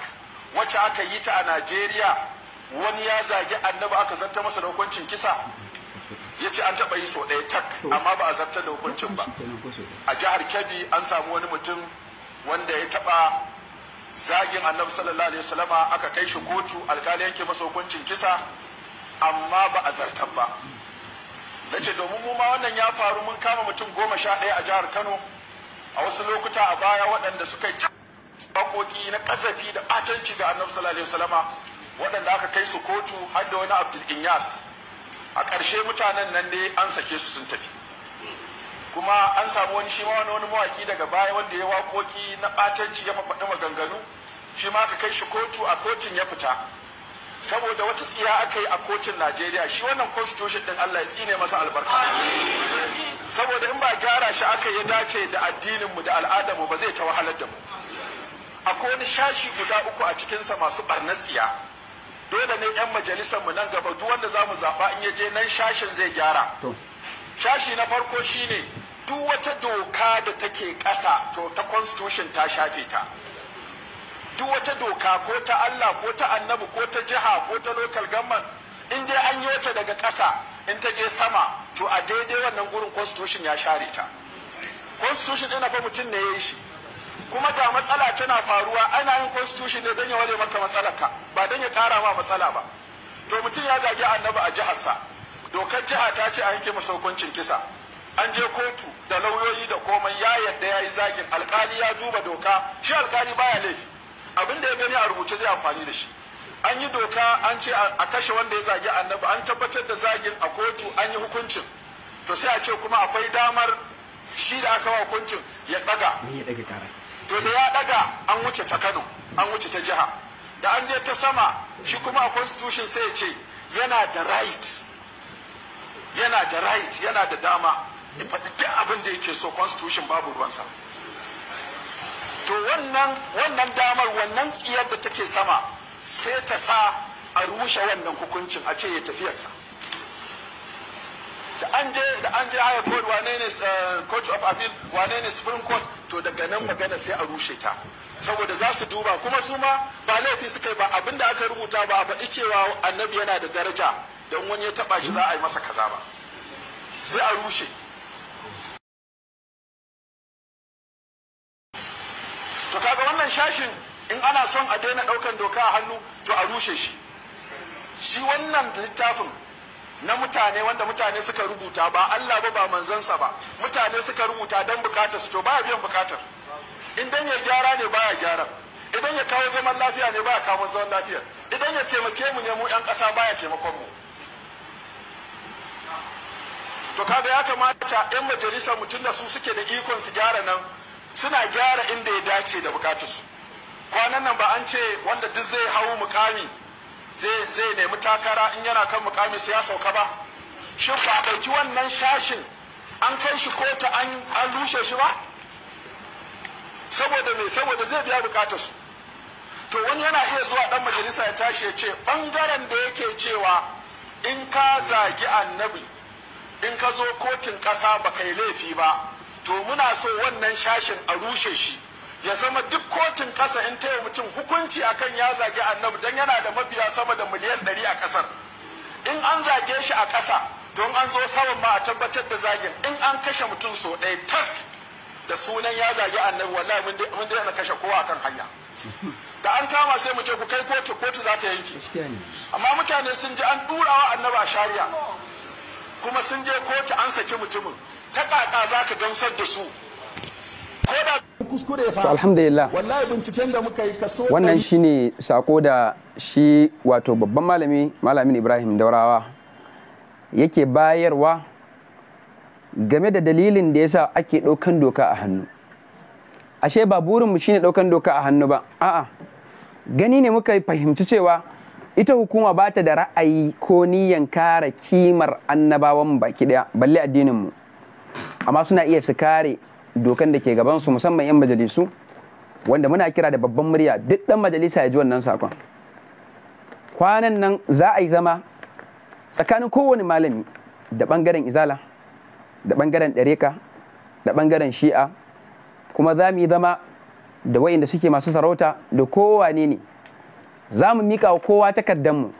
wacce aka yi ta a najeriya wani ya zagi annabi aka zarta masa da hukuncin kisa ya ce an taba yi sau ɗaya tak amma ba a zarta da hukuncin ba a jihar kebbi an samu wani mutum wanda ya taba zagin annabi sallallahu alaihi wasallama aka kai shi kotu alkali yanke masa hukuncin kisa amma ba a zartan ba na ce domin mu ma wannan ya faru mun kama mutum goma sha ɗaya a jihar kano a wasu lokuta a baya waɗanda suka yi bakoki na kasafi da ɓatanci ga annabi sallallahu alaihi wasallama waɗanda aka kai su kotu har da wani abdul inyas a ƙarshe mutanen nan dai an sake su sun tafi kuma an samu wani shi ma wani wani mawaki daga baya wanda ya waƙoƙi na ɓatanci ya faɗi maganganu shi ma aka kai shi kotu a kotun ya fita saboda wata tsiya aka yi a kotun najeriya shi wannan constitution din allah ya tsine masa albarka saboda in ba gyara shi aka ya dace da addininmu da al'adarmu ba zai ta wahalar da mu akwai wani shashi guda uku a cikinsa masu barnar tsiya dole ne 'yan majalisarmu nan gaba duk wanda za mu zaɓa in ya je nan shashin zai gyara shashi na farko shine duk wata doka da take ƙasa to ta constitution ta shafe ta duk wata doka ko ta Allah ko ta annabi ko ta jiha ko ta local government in dai an yi wata daga ƙasa in ta je sama to a daidai wannan gurin constitution ya share ta constitution ɗin fa mutum ne ya yi shi kuma da matsala tana faruwa ana yin constitution ne don ya ware maka matsalarka ba don ya ƙara ma matsala ba to mutum ya zagi annabi a jiharsa dokar jiha ta ce a yanke masa hukuncin kisa an je kotu da lauyoyi da komai ya yadda ya yi zagin alkali ya duba doka shi alkali baya laifi abin da ya gani a rubuce zai amfani da shi an yi doka an ce a kashe wanda ya zagi annabi an tabbatar da zagin a kotu an yi hukuncin to sai a ce kuma akwai damar shi da aka wa hukuncin ya daga to da ya daga an wuce ta kano an wuce ta jiha da an je ta sama shi kuma a constitution sai ya ce yana da right yana da right yana da dama ya faɗi duk abin da yake so constitution babu ruwansa to wannan wannan damar wannan tsiyar da take sama sai ta sa a rushe wannan hukuncin a ce ya tafiyarsa da an je da an je Haya court wane ne eh, court of appeal wane ne supreme court to daga nan magana sai a rushe ta saboda za su duba kuma su ma ba laifi suka yi ba abin da aka rubuta ba a faɗi cewa annabi yana da daraja don wani ya taɓa shi za a yi masa kaza ba sai a rushe shashin in ana son a daina ɗaukan doka a hannu to a rushe shi shi wannan littafin na mutane wanda mutane suka rubuta ba Allah ba ba manzansa ba mutane suka rubuta don bukatar su to baya biyan bukatar in ya gyara ne baya gyara idan ya kawo zaman lafiya ne baya kawo zaman lafiya idan ya taimake mu ne mu yan kasa baya taimakon mu to kaga ya kamata yan majalisar mutum da su suke da ikon su gyara nan suna gyara inda ya dace da bukatarsu kwanan nan ba an ce wanda duk zai hau mukami zai nemi takara in yana kan mukami sai ya sauka ba shin ba ɗauki wannan shashin an kai shi kotu an rushe shi ba saboda mai saboda zai biya bukatarsu to wani yana iya zuwa dan majalisa ya tashi ya ce bangaren da yake cewa in ka zagi annabi in ka zo kotun ƙasa ba kai laifi ba to muna so wannan shashin a rushe shi ya zama duk kotun kasa in ta yi mutum hukunci akan ya zage annabi don yana da mabiya sama da miliyan ɗari a ƙasar in an zage shi a ƙasa don an zo saman ma a tabbatar da zagin in an kashe mutum so ɗaya tak da sunan ya zage annabi wala mun daina kashe kowa akan hanya da an kama sai mu ce ku kai kotu kotu za ta yanke amma mutane sun ji an durawa annabi a shari'a kuma sun je kotu an saki mutumin ta kaka za ka gamsar da su alhamdulillah sako da shi wato babban malami malamin Ibrahim Daurawa yake bayarwa game da dalilin da yasa ake ɗaukan doka a hannu ashe ba burinmu shine ɗaukan doka a hannu ba a'a gani ne muka fahimci cewa ita hukuma ba ta da ra'ayi ko niyan kare kimar annabawan baki daya balle addininmu mu amma suna iya su kare dokan da ke gaban su musamman 'yan majalisu wanda muna kira da babban murya duk dan majalisa ya ji wannan sakon kwanan nan za a yi zama tsakanin kowane malami da bangaren izala da bangaren ɗareka da ɓangaren shi'a kuma za mu yi zama da wayanda suke masu sarauta da kowane ne za mu mika wa kowa takardanmu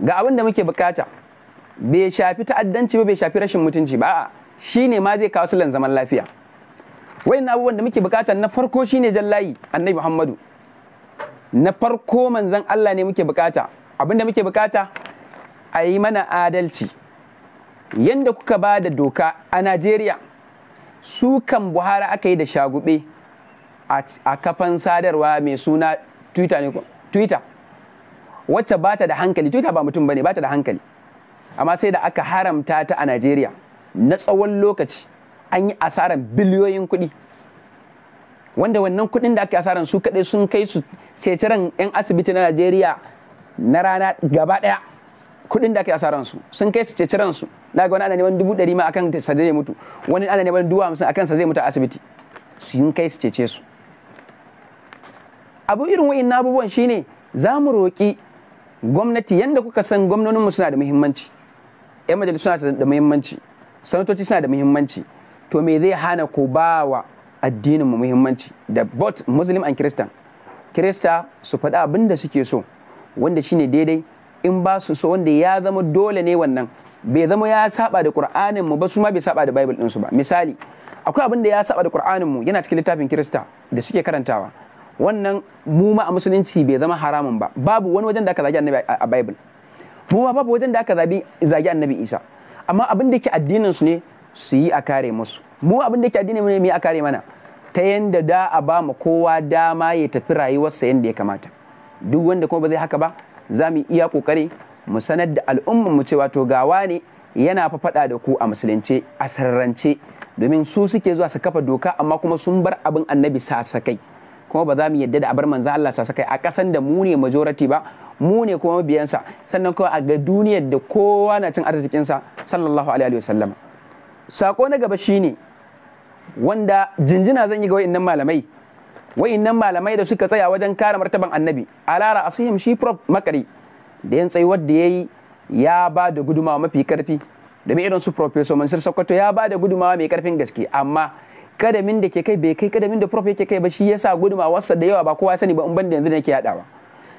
ga abin da muke bukata bai shafi ta'addanci ba bai shafi rashin mutunci ba Shi ne ma zai kawo sulan zaman lafiya Wai na abubuwan da muke bukata na farko shine Layi, annabi muhammadu na farko manzan allah ne muke bukata abinda muke bukata a yi mana adalci yadda kuka ba da doka a najeriya su kan buhari aka yi da shagube a kafan sadarwa mai suna twitter wacce ba ta da hankali twitter ba mutum ba ne ba ta da hankali amma sai da aka haramta ta a najeriya na tsawon lokaci an yi asaran biliyoyin kuɗi wanda wannan kuɗin da ake asaran su kaɗai sun kai su ceceren 'yan asibiti na najeriya na rana gaba ɗaya kuɗin da ake asaran su sun kai su ceceren su na ga wani ana neman dubu ɗari ma akan sa zai mutu wani ana neman dubu hamsin akan sa zai mutu a asibiti sun kai su cece su abu irin wa'in abubuwan shine za mu roƙi gwamnati yadda kuka san gwamnoninmu suna da muhimmanci 'yan majalisu suna da muhimmanci sanatoci suna da muhimmanci to me zai hana ku ba wa addinin mu muhimmanci da both muslim and christian kirista su faɗi abin da suke so wanda shine daidai in ba su so wanda ya zama dole ne wannan bai zama ya saba da qur'anin mu ba su ma bai saba da bible ɗinsu ba misali akwai abin da ya saba da qur'anin mu yana cikin littafin kirista da suke karantawa wannan mu ma a musulunci bai zama haramun ba babu wani wajen da aka zagi annabi a bible mu ma babu wajen da aka zagi annabi isa amma abin da yake addinin su ne su yi a kare musu mu abin da yake addinin mu ne mu yi a kare mana ta yanda da a ba mu kowa dama ya tafi rayuwarsa yanda ya kamata duk wanda kuma ba zai haka ba za mu iya kokari mu sanar da al'ummar mu cewa to gawa ne yana fa fada da ku a musulunce a sarrance domin su suke zuwa su kafa doka amma kuma sun bar abin annabi sa sakai. kuma ba za mu yadda da abar manzan Allah sa sakai a kasan da mu ne majority ba mu ne kuma mabiyansa sannan kuma a ga duniyar da kowa na cin arzikinsa sallallahu alaihi wa sallam. sako na gaba shine wanda jinjina zan yi ga wayannan malamai wayannan malamai da suka tsaya wajen kare martaban annabi alara asihim shi prof makari da yan tsayi wanda yayi ya ba da gudumawa mafi karfi da irin su professor mansur sokoto ya ba da gudumawa mai karfin gaske amma kadamin da ke kai bai kai kadamin da prof yake kai ba shi yasa wasa da yawa ba kowa sani ba in ban da yanzu nake yake yadawa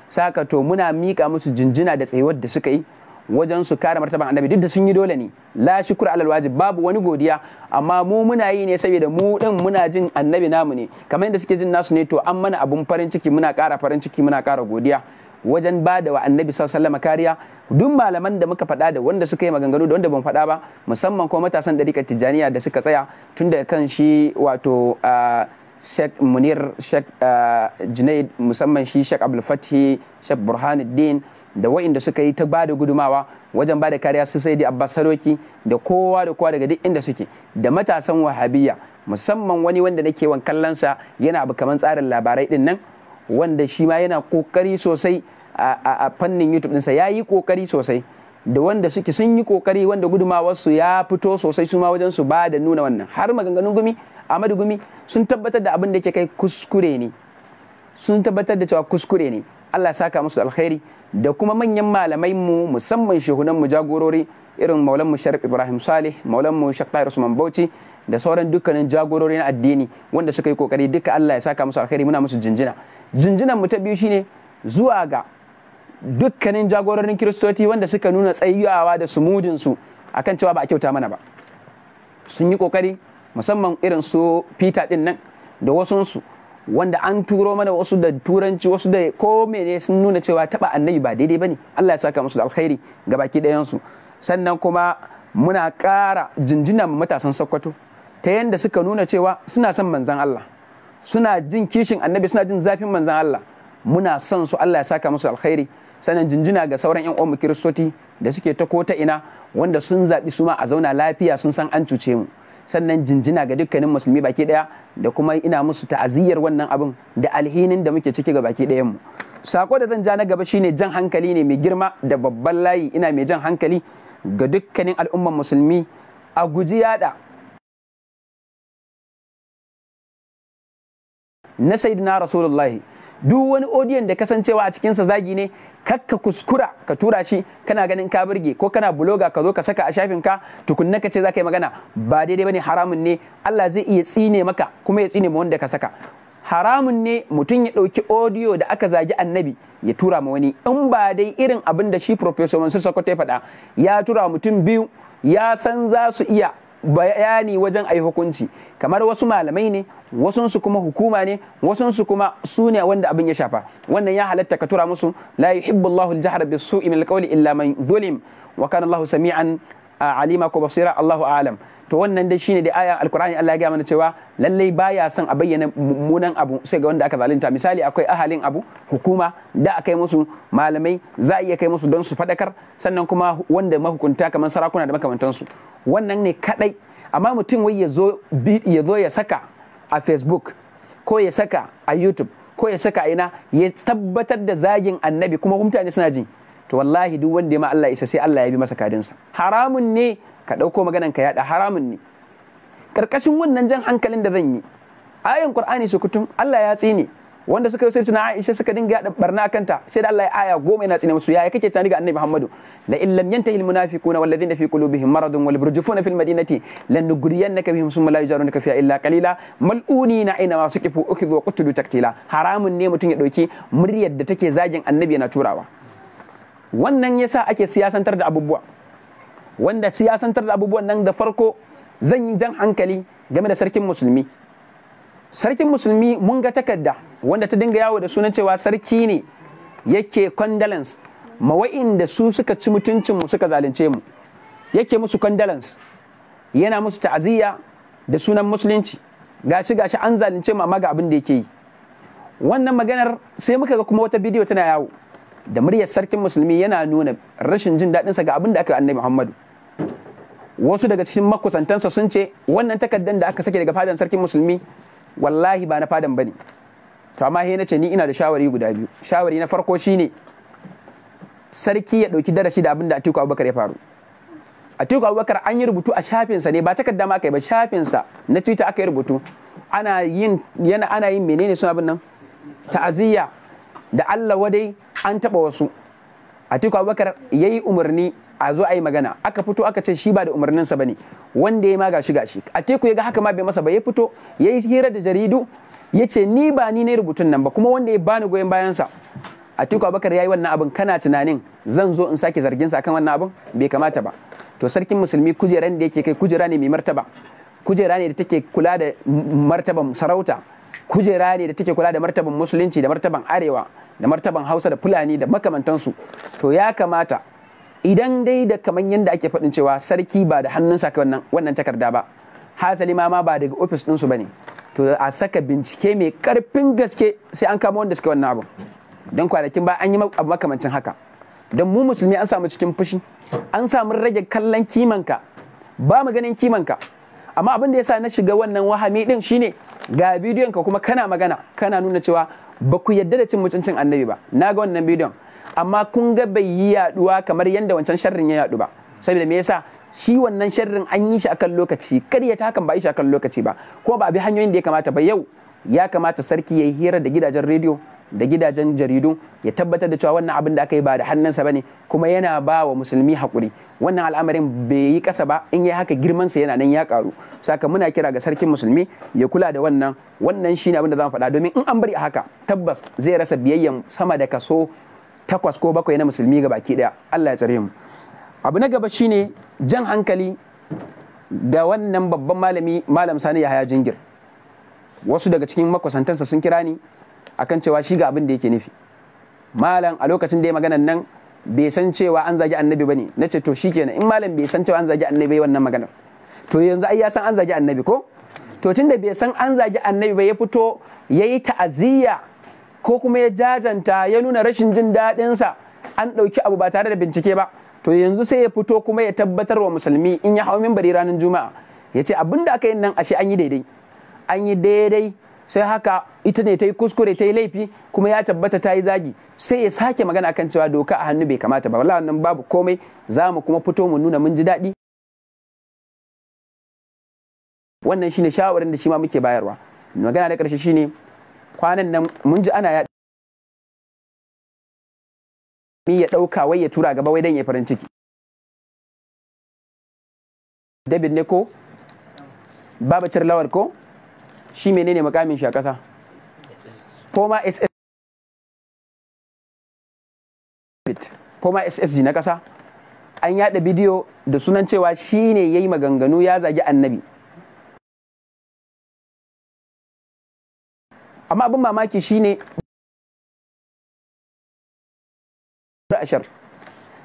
saka to muna mika musu jinjina da tsayuwar da suka yi wajen su kare martaban annabi duk da sun yi dole ne la shukur alal wajib babu wani godiya amma mu muna yi ne saboda mu din muna jin annabi namu ne kamar yadda suke jin nasu ne to an mana abun farin ciki muna kara farin ciki muna kara godiya wajen ba da wa annabi sallallahu alaihi kariya duk malaman da muka fada da wanda suka yi maganganu da wanda ban faɗa ba musamman kuma matasan ɗarikar tijjaniya da suka tsaya tun da kan shi wato Sheikh Munir Sheikh Junaid musamman shi Sheikh Abdul Fatih Sheikh Burhanuddin da wa'inda suka yi ta ba da gudumawa wajen ba da kariya su sai da Abbas Saroki da kowa da kowa daga duk inda suke da matasan wahabiyya musamman wani wanda nake wan sa yana abu kaman tsarin labarai din nan wanda shi ma yana kokari sosai a fannin youtube ɗinsa ya yi kokari sosai da wanda suke sun yi kokari wanda gudumawarsu ya fito sosai su ma wajen su ba da nuna wannan har maganganun gumi amadu gumi sun tabbatar da abin da ke kai kuskure ne sun tabbatar da cewa kuskure ne Allah saka musu alkhairi da kuma manyan malamai mu musamman shehunan mu jagorori irin maulan mu Sharif Ibrahim Salih maulan mu Sheikh Usman Bauchi da sauran dukkanin jagorori na addini wanda suka yi kokari duka Allah ya saka musu alkhairi muna musu jinjina jinjinan mu ta biyu shine zuwa ga dukkanin jagororin kiristoci wanda suka nuna tsayawa da sumudin su akan cewa ba a kyauta mana ba sun yi kokari musamman irin su Peter din nan da su wanda an turo mana wasu da turanci wasu da ko mene sun nuna cewa taba annabi ba daidai bane Allah ya saka musu da alkhairi ga baki su. sannan kuma muna ƙara jinjina matasan Sokoto ta yanda suka nuna cewa suna son manzan Allah suna jin kishin annabi suna jin zafin manzan Allah muna son su Allah ya saka musu alkhairi sanan jinjina ga sauran yan uwanmu kiristoti da suke ta kota ina wanda sun zaɓi su ma a zauna lafiya sun san an cuce mu sannan jinjina ga dukkanin musulmi baki daya da kuma ina musu ta'aziyyar wannan abin da alhinin da muke ciki ga baki dayan mu sako da zan ja na gaba shine jan hankali ne mai girma da babban layi ina mai jan hankali ga dukkanin al'umman musulmi a guji yada na sayyidina rasulullahi duk wani odiyon da kasancewa a cikinsa zagi ne kakka kuskura ka tura shi kana ganin ka birge ko kana buloga ka zo ka saka a shafin ka tukunna ka ce za ka yi magana ba daidai bane haramun ne Allah zai iya tsine maka kuma ya tsine ma wanda ka saka haramun ne mutum ya ɗauki odiyo da aka zagi annabi ya tura ma wani in ba dai irin abin da shi professor Mansur Sokoto ya faɗa ya tura mutum biyu ya san za su iya bayani wajen a yi hukunci kamar wasu malamai ne wasunsu kuma hukuma ne wasunsu kuma su ne wanda abin ya shafa wannan ya halatta ka tura musu la yuhibbu Allahu al-jahra bis-su'i min al-qawli illa man zulim wa kana Allahu sami'an alima ko basira Allahu a'lam to wannan dai shine da ayan alkur'ani Allah ya gaya mana cewa lallai baya son a bayyana mummunan abu sai ga wanda aka zalunta misali akwai ahalin abu hukuma da akai musu malamai za a iya kai musu don su fadakar sannan kuma wanda mahukunta kamar sarakuna da makamantansu wannan ne kadai amma mutum wai ya zo ya saka a Facebook ko ya saka a YouTube ko ya saka a ina ya tabbatar da zagin annabi kuma mutane suna jin. to wallahi duk wanda ma Allah isa sai Allah ya bi masa kadinsa haramun ne ka ɗauko maganan ka yaɗa haramun ne ƙarƙashin wannan jan hankalin da zan yi ayan qur'ani su kutum Allah ya tsine wanda suka yi sirtuna Aisha suka dinga yada barna kanta sai da Allah ya aya goma yana tsine musu yaya kake tani ga Annabi Muhammadu la in yantahi al munafiquna wal ladina fi qulubihim maradun wal burjufuna fil madinati lan nugriyannaka bihim summa la yujarunaka fiha illa qalila mal'unina aina ma suqifu ukhidhu wa qutilu taktila haramun ne mutun ya dauki muryar da take zagin Annabi yana turawa wannan yasa ake siyasantar da abubuwa wanda siyasantar da abubuwan nan da farko zan yi jan hankali game da sarkin musulmi sarkin musulmi mun ga takarda wanda ta dinga yawo da sunan cewa sarki ne yake condolence ma da su suka ci mutuncin mu suka zalunce mu yake musu condolence yana musu ta'aziyya da sunan musulunci gashi gashi an zalunce mu amma ga abin da yake yi wannan maganar sai muka ga kuma wata bidiyo tana yawo da muryar sarkin musulmi yana nuna rashin jin daɗinsa ga abin da aka annabi Muhammadu wasu daga cikin makusantansa sun ce wannan takaddan da aka sake daga fadan sarkin musulmi wallahi ba na fadan bane to amma he nace ni ina da shawari guda biyu shawari na farko shine sarki ya ɗauki darasi da abin da Atiku Abubakar ya faru Atiku Abubakar an yi rubutu a shafinsa ne ba takadda ma kai ba shafinsa na Twitter aka yi rubutu ana yin yana ana yin menene suna abin nan ta'aziyya da Allah wadai an taɓa wasu Atiku Abubakar ya yi umarni a zo a yi magana aka fito aka ce shi ba da umarninsa ba ne wanda ya ma gashi gashi Atiku ya ga haka ma bai masa ba ya fito ya yi hira da jaridu ya ce ni ba ni ne rubutun nan ba kuma wanda ya bani goyon bayansa Atiku Abubakar ya yi wannan abin kana tunanin zan zo in sake zargin sa kan wannan abin bai kamata ba to sarkin musulmi kujeran da yake kai kujera ne mai martaba kujera ne da take kula da martaban sarauta kujera ne da take kula da martaban musulunci da martaban arewa da martaban hausa da fulani da makamantansu to ya kamata idan dai da kamar yadda ake faɗin cewa sarki ba da hannunsa ka wannan takarda ba hasali ma ba daga ofis ɗinsu ba ne to a saka bincike mai ƙarfin gaske sai an kama wanda suka wannan abu don kwanakin ba an yi abu makamancin haka don mu musulmi an samu cikin fushi an samu rage kallon kimanka ba mu ganin kimanka amma abin da ya sa na shiga wannan wahami din shine ga bidiyon ka kuma kana magana kana nuna cewa ba ku yadda da cin mutuncin annabi ba na ga wannan bidiyon amma kun ga bai yi yaduwa kamar yadda wancan sharrin ya yadu ba saboda me yasa shi wannan sharrin an yi shi akan lokaci kar ya ta hakan ba yi shi akan lokaci ba kuma ba a bi hanyoyin da ya kamata ba yau ya kamata sarki ya yi hira da gidajen rediyo da gidajen jaridu ya tabbatar da cewa wannan abin da aka yi ba da hannunsa bane kuma yana ba wa musulmi hakuri wannan al'amarin bai yi kasa ba in ya haka girmansa yana nan ya karu saka muna kira ga sarkin musulmi ya kula da wannan wannan shine abin da zan faɗa domin in an bari a haka tabbas zai rasa biyayyan sama da kaso takwas ko bakwai na musulmi ga baki daya Allah ya tsare mu abu na gaba shine jan hankali da wannan babban malami malam sani yahaya jingir wasu daga cikin makwasantansa sun kira ni akan cewa shi ga abin da yake nufi malam a lokacin da ya maganan nan bai san cewa an zagi annabi bane na ce to kenan in malam bai san cewa an zagi annabi wannan maganar to yanzu ai ya san an zagi annabi ko to tunda bai san an zagi annabi ba ya fito yayi ta'aziyya ko kuma ya jajanta ya nuna rashin jin sa an ɗauki abu ba tare da bincike ba to yanzu sai ya fito kuma ya tabbatar wa musulmi in ya hau minbari ranar juma'a ya ce abin da aka yi nan ashe an yi daidai an yi daidai sai haka ita ne ta yi kuskure ta yi laifi kuma ya tabbata ta yi zagi sai ya sake magana akan cewa doka a hannu bai kamata ba wallahi nan babu komai za mu kuma fito mu nuna mun ji daɗi wannan shine shawarin da shi ma muke bayarwa magana da ƙarshe shine kwanan nan mun ji ana mi ya ɗauka wai ya tura gaba wai dan ya farin ciki David ne ko Babacir Lawal ko shi menene makamin shi a ƙasa former ssg na ƙasa an yada bidiyo da sunan cewa shi ne ya yi maganganu ya zagi annabi amma abin mamaki shi ne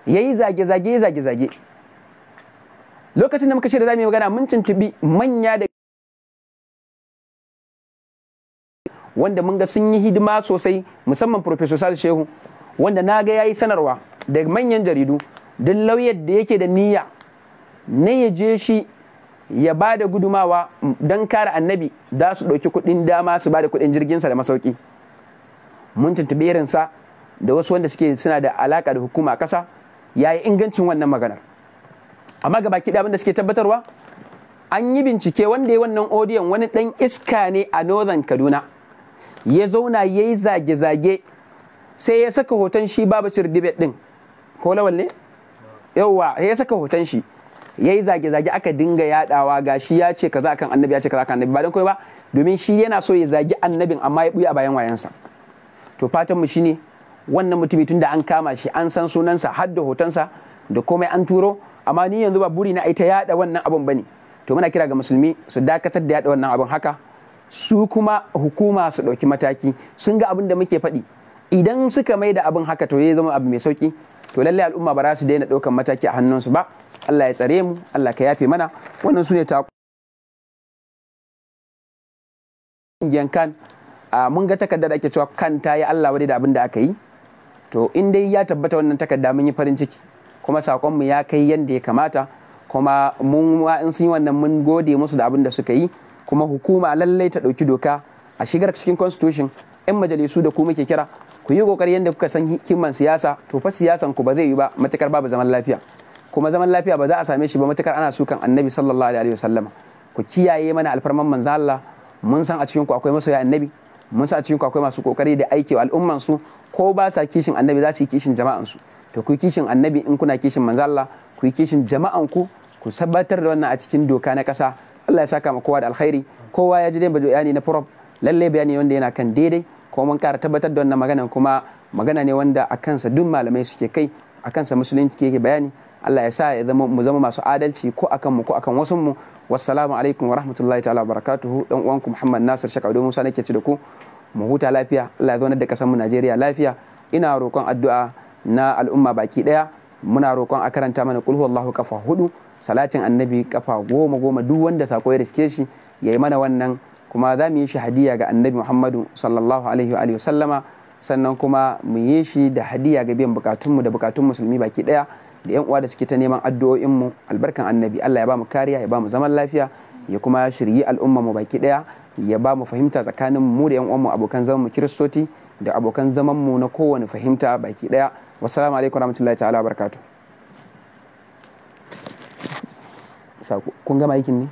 ya yi zage-zage zage-zage lokacin da muka shirya za mu yi magana mun tuntubi manya da wanda mun ga sun yi hidima sosai musamman professor Salisu Shehu wanda na ga yayi sanarwa da manyan jaridu duk lauyar da yake da niyya ne ya je shi ya ba da gudumawa don kare annabi za su ɗauki kuɗin dama su ba da kuɗin jirginsa da masauki mun tuntuɓi irinsa da wasu wanda suke suna da alaƙa da hukuma a ƙasa ya yi ingancin wannan maganar amma ga baki abin da suke tabbatarwa an yi bincike wanda ya wannan odiyon wani ɗan iska ne a northern kaduna ya zauna ya yi zage-zage sai ya saka hoton shi babu dibet din ko lawal ne yauwa ya saka hoton shi ya yi zage-zage aka dinga yadawa ga shi ya ce kaza kan annabi ya ce kaza kan annabi ba don kai ba domin shi yana so ya zagi annabin amma ya buya bayan wayansa to fatan mu shine wannan mutumi tun da an kama shi an san sunansa har da hotonsa da komai an turo amma ni yanzu ba buri na ita yada wannan abun ne to muna kira ga musulmi su dakatar da yada wannan abun haka su kuma hukuma su ɗauki mataki sun ga abin da muke faɗi idan suka mai da abin haka to ya zama abu mai sauki to lallai al'umma ba za su daina ɗaukan mataki a hannunsu ba Allah ya tsare mu Allah ka yafe mana wannan su ne ta kan mun ga takardar ake cewa kan ta yi Allah wadai da abin da aka yi to in dai ya tabbata wannan takarda mun yi farin ciki kuma sakonmu ya kai yadda ya kamata kuma mun in sun yi wannan mun gode musu da abin da suka yi kuma hukuma lallai ta ɗauki doka a shigar cikin constitution 'yan majalisu da kuma muke kira ku yi kokari yadda kuka san hikiman siyasa to fa siyasan ku ba zai yi ba matukar babu zaman lafiya kuma zaman lafiya ba za a same shi ba matukar ana sukan annabi sallallahu alaihi wasallam ku kiyaye mana alfarman manzo Allah mun san a cikin ku akwai masoya annabi mun san a cikin ku akwai masu kokari da aiki wa al'umman su ko ba sa kishin annabi za su yi kishin jama'an su to ku yi kishin annabi in kuna kishin manzo Allah ku yi kishin jama'an ku ku tabbatar da wannan a cikin doka na kasa Allah ya saka ma kowa da alkhairi kowa ya ji dai bayani na prof lalle bayani wanda yana kan daidai ko mun kara tabbatar da wannan maganan kuma magana ne wanda a kansa duk malamai suke kai a kansa musulunci yake bayani Allah ya sa ya zama mu zama masu adalci ko akan mu ko akan wasun mu wassalamu alaikum wa rahmatullahi ta'ala wa barakatuhu dan uwanku Muhammad Nasir Shakaudu Musa nake ci da ku mu huta lafiya Allah ya zauna da kasar mu Najeriya lafiya ina roƙon addu'a na al'umma baki daya muna roƙon a karanta mana kulhu Allahu kafa hudu salatin annabi kafa goma goma duk wanda sako ya riske shi ya yi mana wannan kuma za mu yi shi hadiya ga annabi muhammadu sallallahu alaihi wa sallama sannan kuma mu yi shi da hadiya ga biyan bukatunmu da bukatun musulmi baki daya da yan uwa da suke ta neman addu'o'inmu albarkan annabi Allah ya ba mu kariya ya ba mu zaman lafiya ya kuma shirye al'umma mu baki daya ya ba mu fahimta tsakanin mu da yan uwanmu abokan zaman mu kiristoti da abokan zaman mu na kowane fahimta baki daya wassalamu alaikum warahmatullahi ta'ala barakatuh kun gama aikin ne